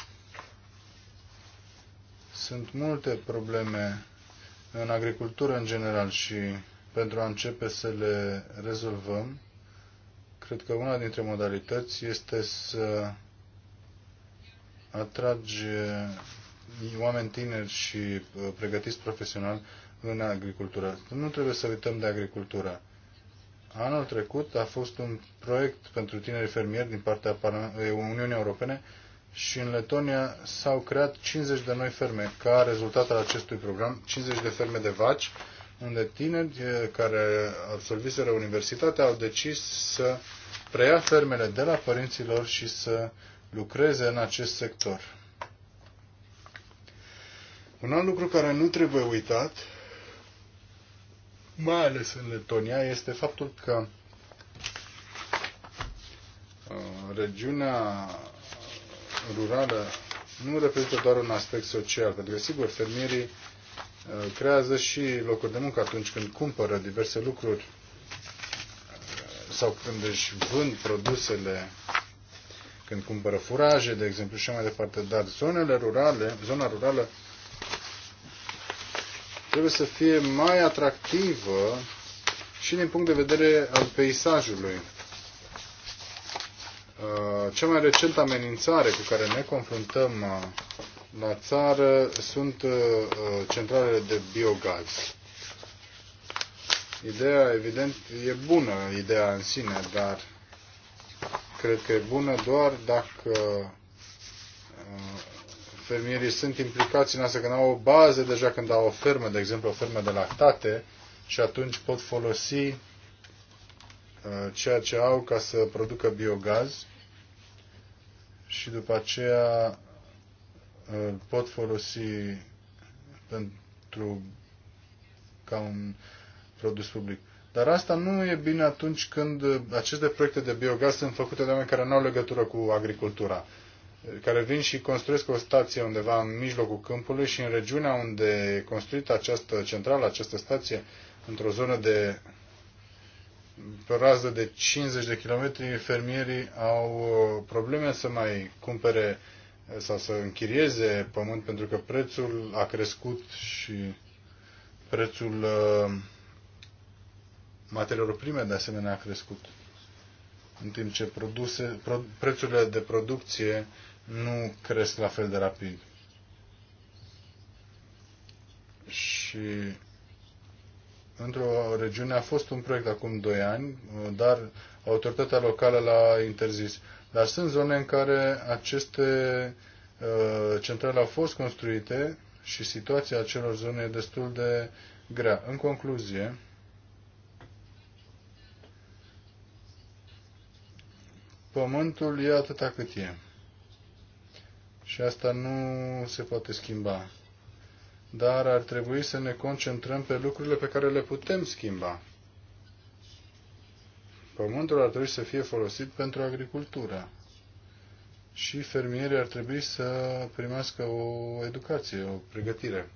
Sunt multe probleme în agricultură în general și pentru a începe să le rezolvăm, cred că una dintre modalități este să atrage oameni tineri și uh, pregătiți profesional în agricultură. Nu trebuie să uităm de agricultură. Anul trecut a fost un proiect pentru tineri fermieri din partea Uniunii Europene și în Letonia s-au creat 50 de noi ferme ca rezultat al acestui program, 50 de ferme de vaci, unde tineri eh, care absolviseră universitatea au decis să preia fermele de la părinților și să lucreze în acest sector. Un alt lucru care nu trebuie uitat, mai ales în Letonia, este faptul că eh, regiunea rurală nu reprezintă doar un aspect social, pentru că, sigur, fermierii uh, creează și locuri de muncă atunci când cumpără diverse lucruri uh, sau când își vând produsele, când cumpără furaje, de exemplu, și mai departe. Dar zonele rurale, zona rurală trebuie să fie mai atractivă și din punct de vedere al peisajului uh, cea mai recentă amenințare cu care ne confruntăm uh, la țară sunt uh, uh, centralele de biogaz. Ideea, evident, e bună, ideea în sine, dar cred că e bună doar dacă fermierii sunt implicați în asta, când au o bază deja, când au o fermă, de exemplu, o fermă de lactate, și atunci pot folosi ceea ce au ca să producă biogaz și după aceea îl uh, pot folosi pentru ca un produs public. Dar asta nu e bine atunci când uh, aceste proiecte de biogaz sunt făcute de oameni care nu au legătură cu agricultura, uh, care vin și construiesc o stație undeva în mijlocul câmpului și în regiunea unde e construită această centrală, această stație, într-o zonă de pe o rază de 50 de kilometri, fermierii au uh, probleme să mai cumpere uh, sau să închirieze pământ pentru că prețul a crescut și prețul uh, materiilor prime de asemenea a crescut. În timp ce produse, pro, prețurile de producție nu cresc la fel de rapid. Și într-o regiune a fost un proiect acum 2 ani, dar autoritatea locală l-a interzis. Dar sunt zone în care aceste uh, centrale au fost construite și situația acelor zone e destul de grea. În concluzie, pământul e atâta cât e. Și asta nu se poate schimba dar ar trebui să ne concentrăm pe lucrurile pe care le putem schimba. Pământul ar trebui să fie folosit pentru agricultură și fermierii ar trebui să primească o educație, o pregătire.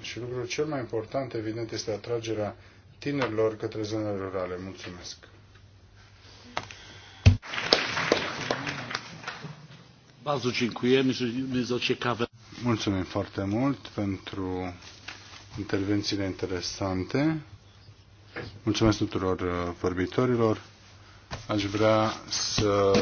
Și lucrul cel mai important, evident, este atragerea tinerilor către zonele rurale. Mulțumesc! Mulțumim foarte mult pentru intervențiile interesante. Mulțumesc tuturor uh, vorbitorilor. Aș vrea să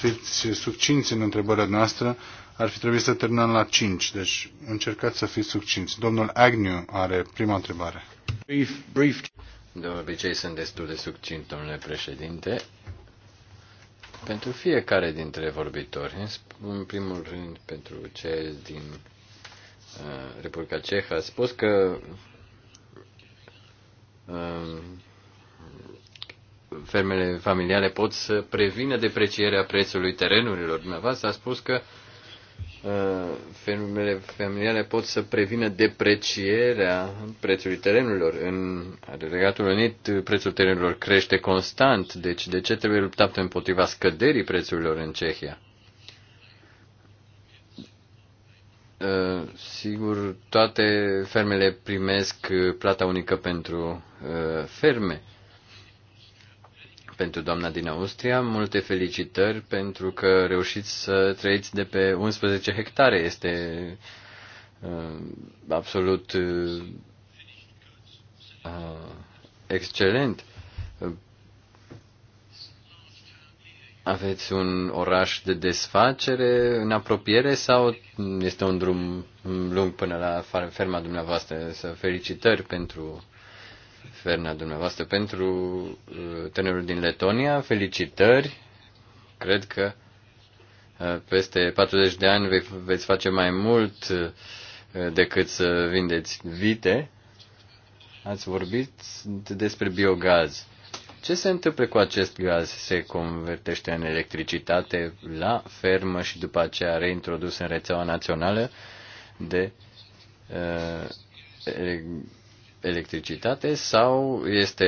fiți succinți în întrebarea noastră. Ar fi trebuit să terminăm la 5, deci încercați să fiți succinți. Domnul Agnew are prima întrebare. Brief, brief. De obicei sunt destul de succint, domnule președinte pentru fiecare dintre vorbitori. În primul rând, pentru cel din uh, Republica Cehă, a spus că uh, fermele familiale pot să prevină deprecierea prețului terenurilor. Dumneavoastră a spus că uh, fermele familiale pot să prevină deprecierea prețului terenurilor. În Regatul Unit prețul terenurilor crește constant, deci de ce trebuie luptat împotriva scăderii prețurilor în Cehia? Uh, sigur, toate fermele primesc uh, plata unică pentru uh, ferme pentru doamna din Austria. Multe felicitări pentru că reușiți să trăiți de pe 11 hectare. Este uh, absolut uh, excelent. Aveți un oraș de desfacere în apropiere sau este un drum lung până la ferma dumneavoastră? Să felicitări pentru Ferna, dumneavoastră, pentru uh, tânărul din Letonia. Felicitări! Cred că uh, peste 40 de ani veți face mai mult uh, decât să vindeți vite. Ați vorbit despre biogaz. Ce se întâmplă cu acest gaz? Se convertește în electricitate la fermă și după aceea reintrodus în rețeaua națională de uh, electricitate sau este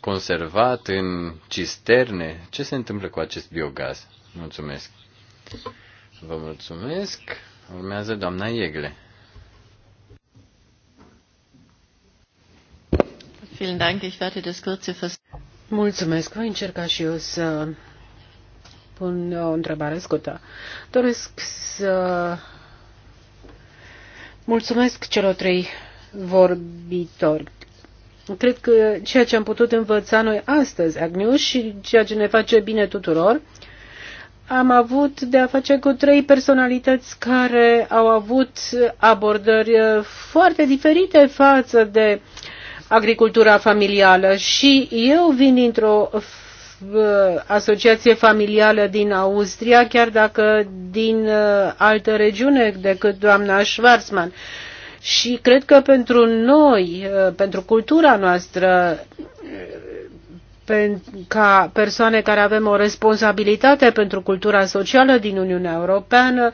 conservat în cisterne? Ce se întâmplă cu acest biogaz? Mulțumesc. Vă mulțumesc. Urmează doamna Iegle. Mulțumesc. Voi încerca și eu să pun o întrebare scurtă. Doresc să mulțumesc celor trei vorbitori. Cred că ceea ce am putut învăța noi astăzi, Agnius, și ceea ce ne face bine tuturor, am avut de a face cu trei personalități care au avut abordări foarte diferite față de agricultura familială și eu vin dintr-o uh, asociație familială din Austria, chiar dacă din uh, altă regiune decât doamna Schwarzmann. Și cred că pentru noi, uh, pentru cultura noastră, uh, ca persoane care avem o responsabilitate pentru cultura socială din Uniunea Europeană,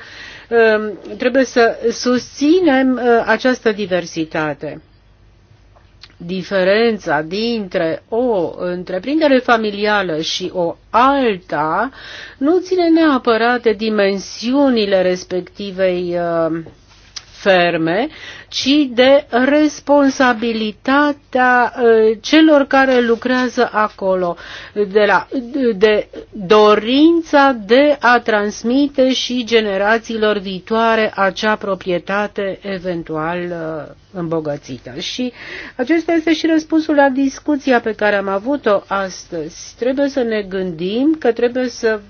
um, trebuie să susținem uh, această diversitate. Diferența dintre o întreprindere familială și o alta nu ține neapărat de dimensiunile respectivei uh, ferme, ci de responsabilitatea ă, celor care lucrează acolo, de, la, de dorința de a transmite și generațiilor viitoare acea proprietate eventual ă, îmbogățită. Și acesta este și răspunsul la discuția pe care am avut-o astăzi. Trebuie să ne gândim că trebuie să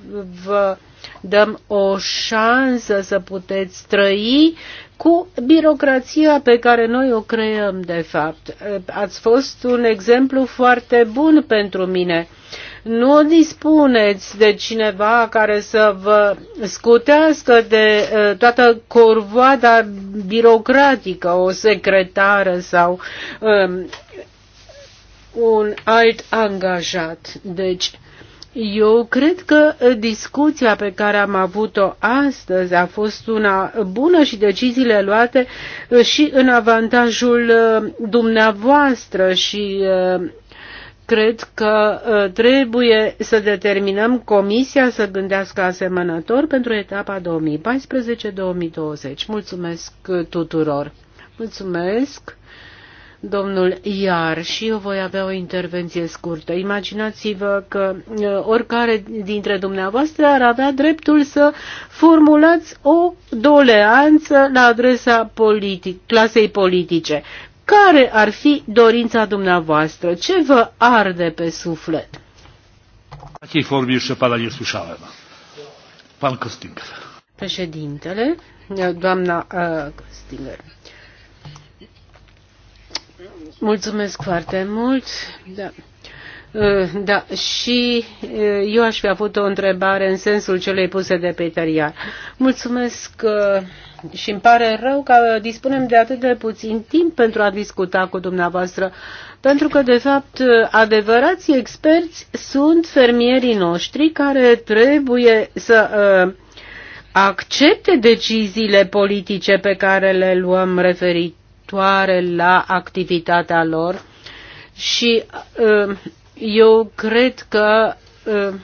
vă dăm o șansă să puteți trăi cu birocrația pe care noi o creăm, de fapt. Ați fost un exemplu foarte bun pentru mine. Nu dispuneți de cineva care să vă scutească de toată corvoada birocratică, o secretară sau um, un alt angajat. Deci, eu cred că uh, discuția pe care am avut-o astăzi a fost una bună și deciziile luate uh, și în avantajul uh, dumneavoastră și cred că trebuie să determinăm Comisia să gândească asemănător pentru etapa 2014-2020. Mulțumesc tuturor! Mulțumesc! domnul Iar și eu voi avea o intervenție scurtă. Imaginați-vă că uh, oricare dintre dumneavoastră ar avea dreptul să formulați o doleanță la adresa politic, clasei politice. Care ar fi dorința dumneavoastră? Ce vă arde pe suflet? Takiej formie și pana nie Pan Kostinger. Președintele, doamna uh, Mulțumesc foarte mult. Da. Uh, da, și uh, eu aș fi avut o întrebare în sensul celei puse de Peter Iar. Mulțumesc uh, și îmi pare rău că dispunem de atât de puțin timp pentru a discuta cu dumneavoastră, pentru că, de fapt, adevărații experți sunt fermierii noștri care trebuie să accepte deciziile politice pe care le luăm referit referitoare la activitatea lor și uh, eu cred că uh,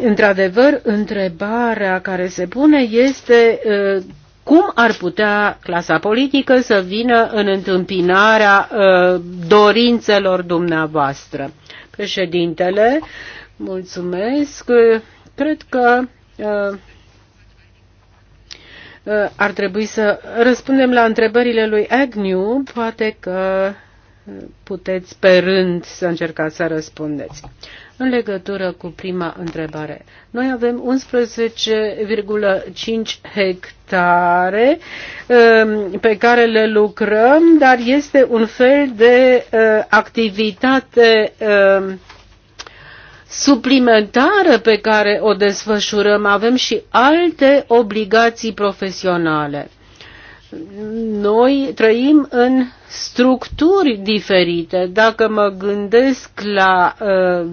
într-adevăr întrebarea care se pune este uh, cum ar putea clasa politică să vină în întâmpinarea dorințelor dumneavoastră. Președintele, mulțumesc. Cred că Uh, ar trebui să răspundem la întrebările lui Agnew, poate că puteți pe rând să încercați să răspundeți. În legătură cu prima întrebare, noi avem 11,5 hectare um, pe care le lucrăm, dar este un fel de uh, activitate um, suplimentară pe care o desfășurăm, avem și alte obligații profesionale. Noi trăim în structuri diferite. Dacă mă gândesc la uh,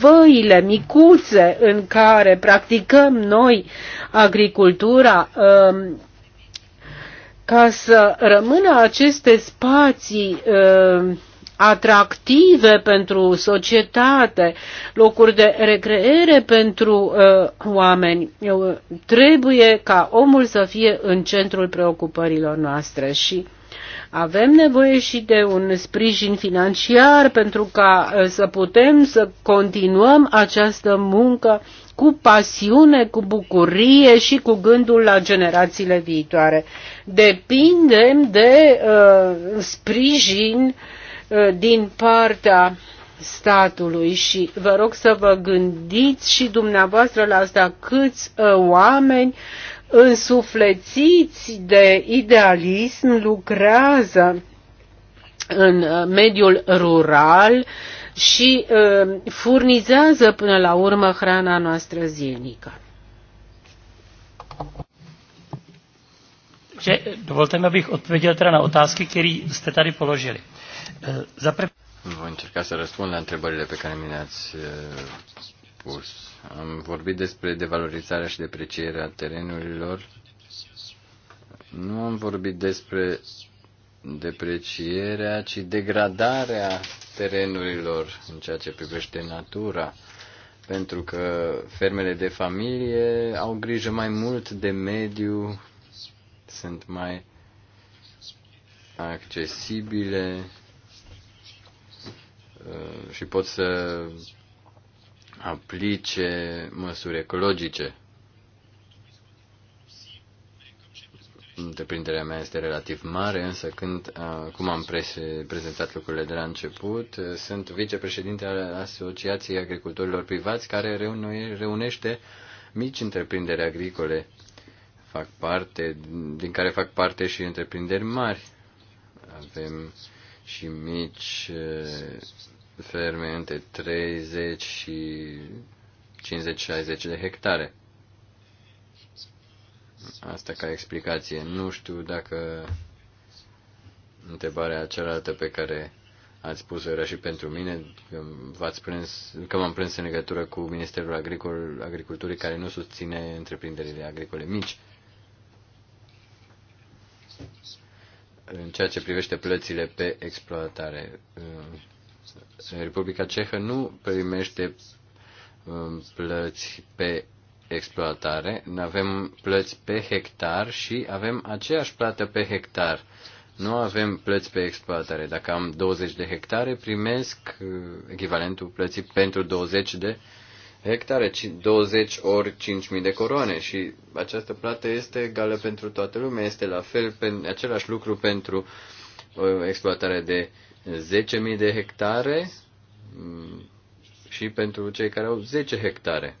văile micuțe în care practicăm noi agricultura, uh, ca să rămână aceste spații uh, atractive pentru societate, locuri de recreere pentru uh, oameni. Eu, uh, trebuie ca omul să fie în centrul preocupărilor noastre și avem nevoie și de un sprijin financiar pentru ca uh, să putem să continuăm această muncă cu pasiune, cu bucurie și cu gândul la generațiile viitoare. Depindem de uh, sprijin uh, Uh, din partea statului și vă rog să vă gândiți și dumneavoastră la asta câți uh, oameni însuflețiți de idealism lucrează în uh, mediul rural și furnizează până la urmă hrana noastră zilnică. Dovolte mi, abych odpověděl teda na otázky, které jste tady položili. Voi încerca să răspund la întrebările pe care mi le-ați eh, pus. Am vorbit despre devalorizarea și deprecierea terenurilor. Nu am vorbit despre deprecierea, ci degradarea terenurilor în ceea ce privește natura. Pentru că fermele de familie au grijă mai mult de mediu, sunt mai accesibile Uh, și pot să aplice măsuri ecologice. Întreprinderea mea este relativ mare, însă când, uh, cum am prezentat lucrurile de la început, uh, sunt vicepreședinte al Asociației Agricultorilor Privați, care reunește mici întreprinderi agricole, fac parte, din care fac parte și întreprinderi mari. Avem și mici ferme între 30 și 50-60 de hectare. Asta ca explicație. Nu știu dacă întrebarea cealaltă pe care ați spus o era și pentru mine, v-ați prins, că m-am prins în legătură cu Ministerul Agricol, Agriculturii care nu susține întreprinderile agricole mici. În ceea ce privește plățile pe exploatare, Republica Cehă nu primește um, plăți pe exploatare, avem plăți pe hectar și avem aceeași plată pe hectar. Nu avem plăți pe exploatare. Dacă am 20 de hectare, primesc uh, echivalentul plății pentru 20 de hectare, 20 ori 5.000 de coroane și această plată este egală pentru toată lumea, este la fel, pe, același lucru pentru o uh, exploatare de 10.000 de hectare mm, și pentru cei care au 10 hectare.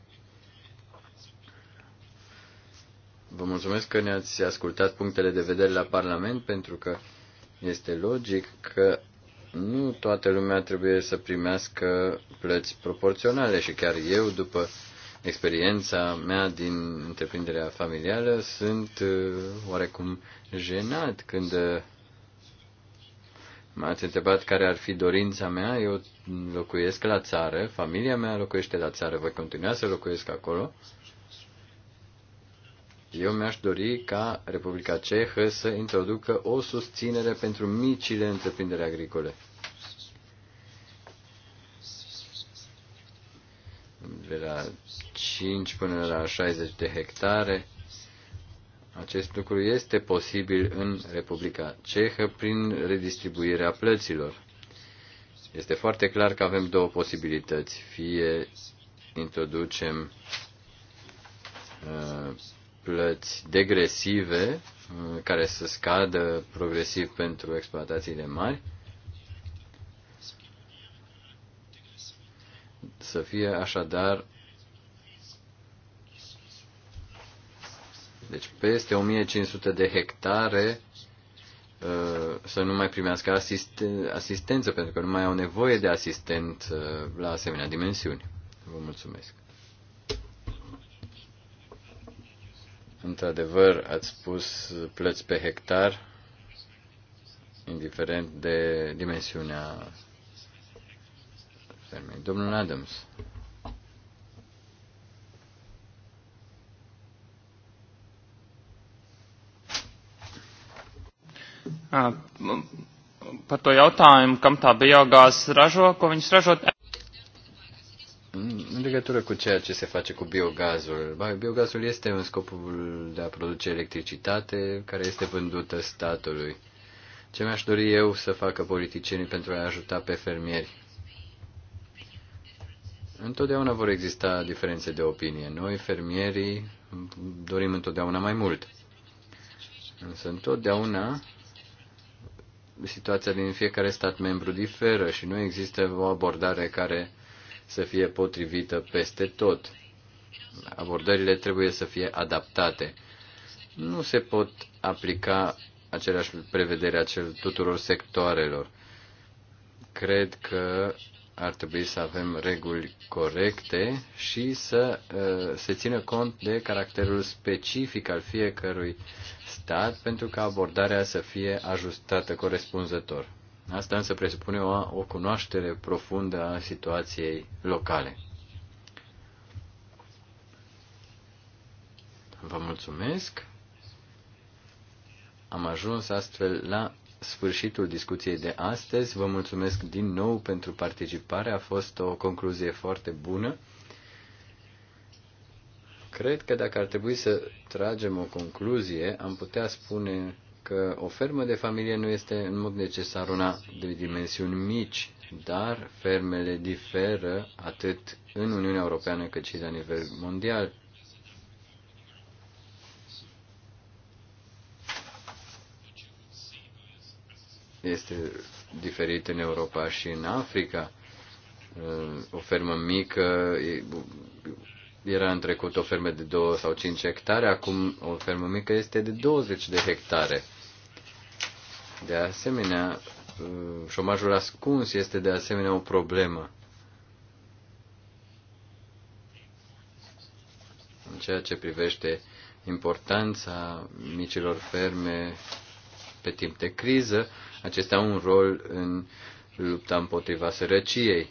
Vă mulțumesc că ne-ați ascultat punctele de vedere la Parlament, pentru că este logic că nu toată lumea trebuie să primească plăți proporționale și chiar eu, după experiența mea din întreprinderea familială, sunt uh, oarecum jenat când uh, M-ați întrebat care ar fi dorința mea. Eu locuiesc la țară, familia mea locuiește la țară, voi continua să locuiesc acolo. Eu mi-aș dori ca Republica Cehă să introducă o susținere pentru micile întreprinderi agricole. De la 5 până la 60 de hectare acest lucru este posibil în Republica Cehă prin redistribuirea plăților. Este foarte clar că avem două posibilități. Fie introducem uh, plăți degresive uh, care să scadă progresiv pentru exploatațiile mari, să fie așadar Deci peste 1500 de hectare uh, să nu mai primească asisten- asistență, pentru că nu mai au nevoie de asistent uh, la asemenea dimensiuni. Vă mulțumesc. Într-adevăr, ați spus plăți pe hectar, indiferent de dimensiunea fermei. Domnul Adams. par to jautājumu, kam tā biogāze ražo, ko viņas ražo. În legătură cu ceea ce se face cu biogazul, biogazul este în scopul de a produce electricitate care este vândută statului. Ce mi-aș dori eu să facă politicienii pentru a ajuta pe fermieri? Întotdeauna vor exista diferențe de opinie. Noi, fermierii, dorim întotdeauna mai mult. Însă întotdeauna situația din fiecare stat membru diferă și nu există o abordare care să fie potrivită peste tot. Abordările trebuie să fie adaptate. Nu se pot aplica aceleași prevedere acel tuturor sectoarelor. Cred că ar trebui să avem reguli corecte și să uh, se țină cont de caracterul specific al fiecărui stat pentru ca abordarea să fie ajustată corespunzător. Asta însă presupune o, o cunoaștere profundă a situației locale. Vă mulțumesc. Am ajuns astfel la sfârșitul discuției de astăzi. Vă mulțumesc din nou pentru participare. A fost o concluzie foarte bună. Cred că dacă ar trebui să tragem o concluzie, am putea spune că o fermă de familie nu este în mod necesar una de dimensiuni mici, dar fermele diferă atât în Uniunea Europeană cât și la nivel mondial. este diferit în Europa și în Africa. O fermă mică era în trecut o fermă de 2 sau 5 hectare, acum o fermă mică este de 20 de hectare. De asemenea, șomajul ascuns este de asemenea o problemă. În ceea ce privește importanța micilor ferme pe timp de criză, Acestea au un rol în lupta împotriva sărăciei,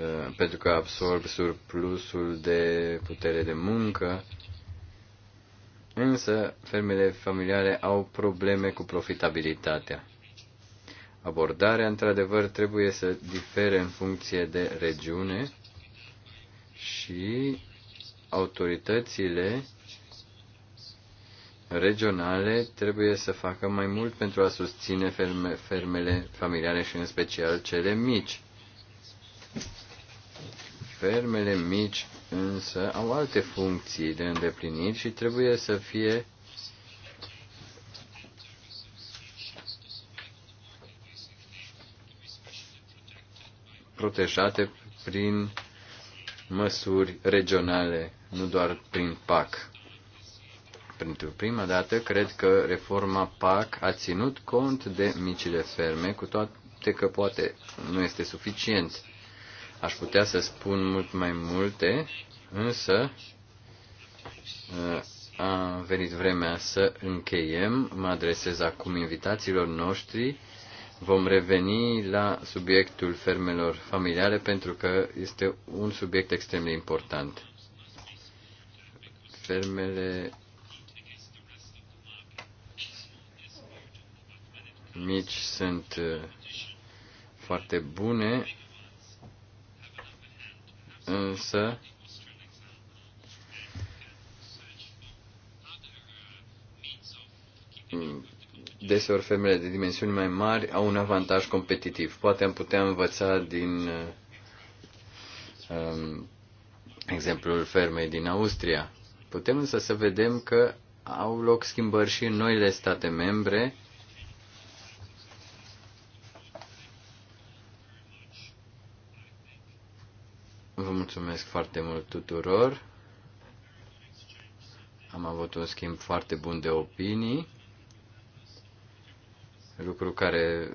uh, pentru că absorb surplusul de putere de muncă, însă fermele familiale au probleme cu profitabilitatea. Abordarea, într-adevăr, trebuie să difere în funcție de regiune și autoritățile regionale trebuie să facă mai mult pentru a susține ferme, fermele familiale și în special cele mici. Fermele mici însă au alte funcții de îndeplinit și trebuie să fie protejate prin măsuri regionale, nu doar prin PAC. Pentru prima dată, cred că reforma PAC a ținut cont de micile ferme, cu toate că poate nu este suficient. Aș putea să spun mult mai multe, însă uh, a venit vremea să încheiem. Mă adresez acum invitațiilor noștri. Vom reveni la subiectul fermelor familiale pentru că este un subiect extrem de important. Fermele mici sunt uh, foarte bune, însă deseori fermele de dimensiuni mai mari au un avantaj competitiv. Poate am putea învăța din uh, um, exemplul fermei din Austria. Putem însă să vedem că au loc schimbări și în noile state membre mulțumesc foarte mult tuturor. Am avut un schimb foarte bun de opinii, lucru care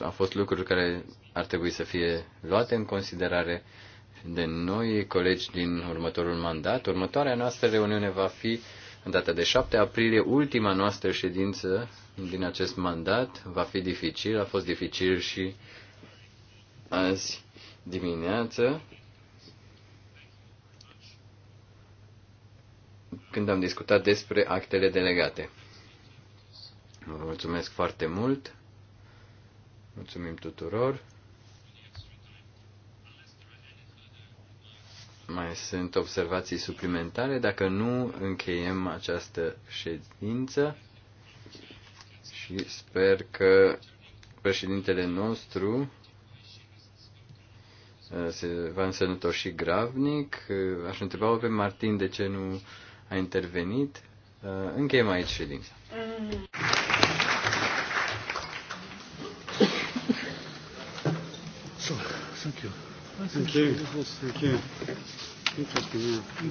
a fost lucruri care ar trebui să fie luate în considerare de noi colegi din următorul mandat. Următoarea noastră reuniune va fi în data de 7 aprilie, ultima noastră ședință din acest mandat. Va fi dificil, a fost dificil și azi dimineață. când am discutat despre actele delegate. Vă mulțumesc foarte mult. Mulțumim tuturor. Mai sunt observații suplimentare. Dacă nu, încheiem această ședință și sper că președintele nostru eh, se va însănătoși gravnic. Eh, aș întreba pe Martin de ce nu a intervenit. Uh, încheiem aici ședința. So, thank you. Thank you. Thank you.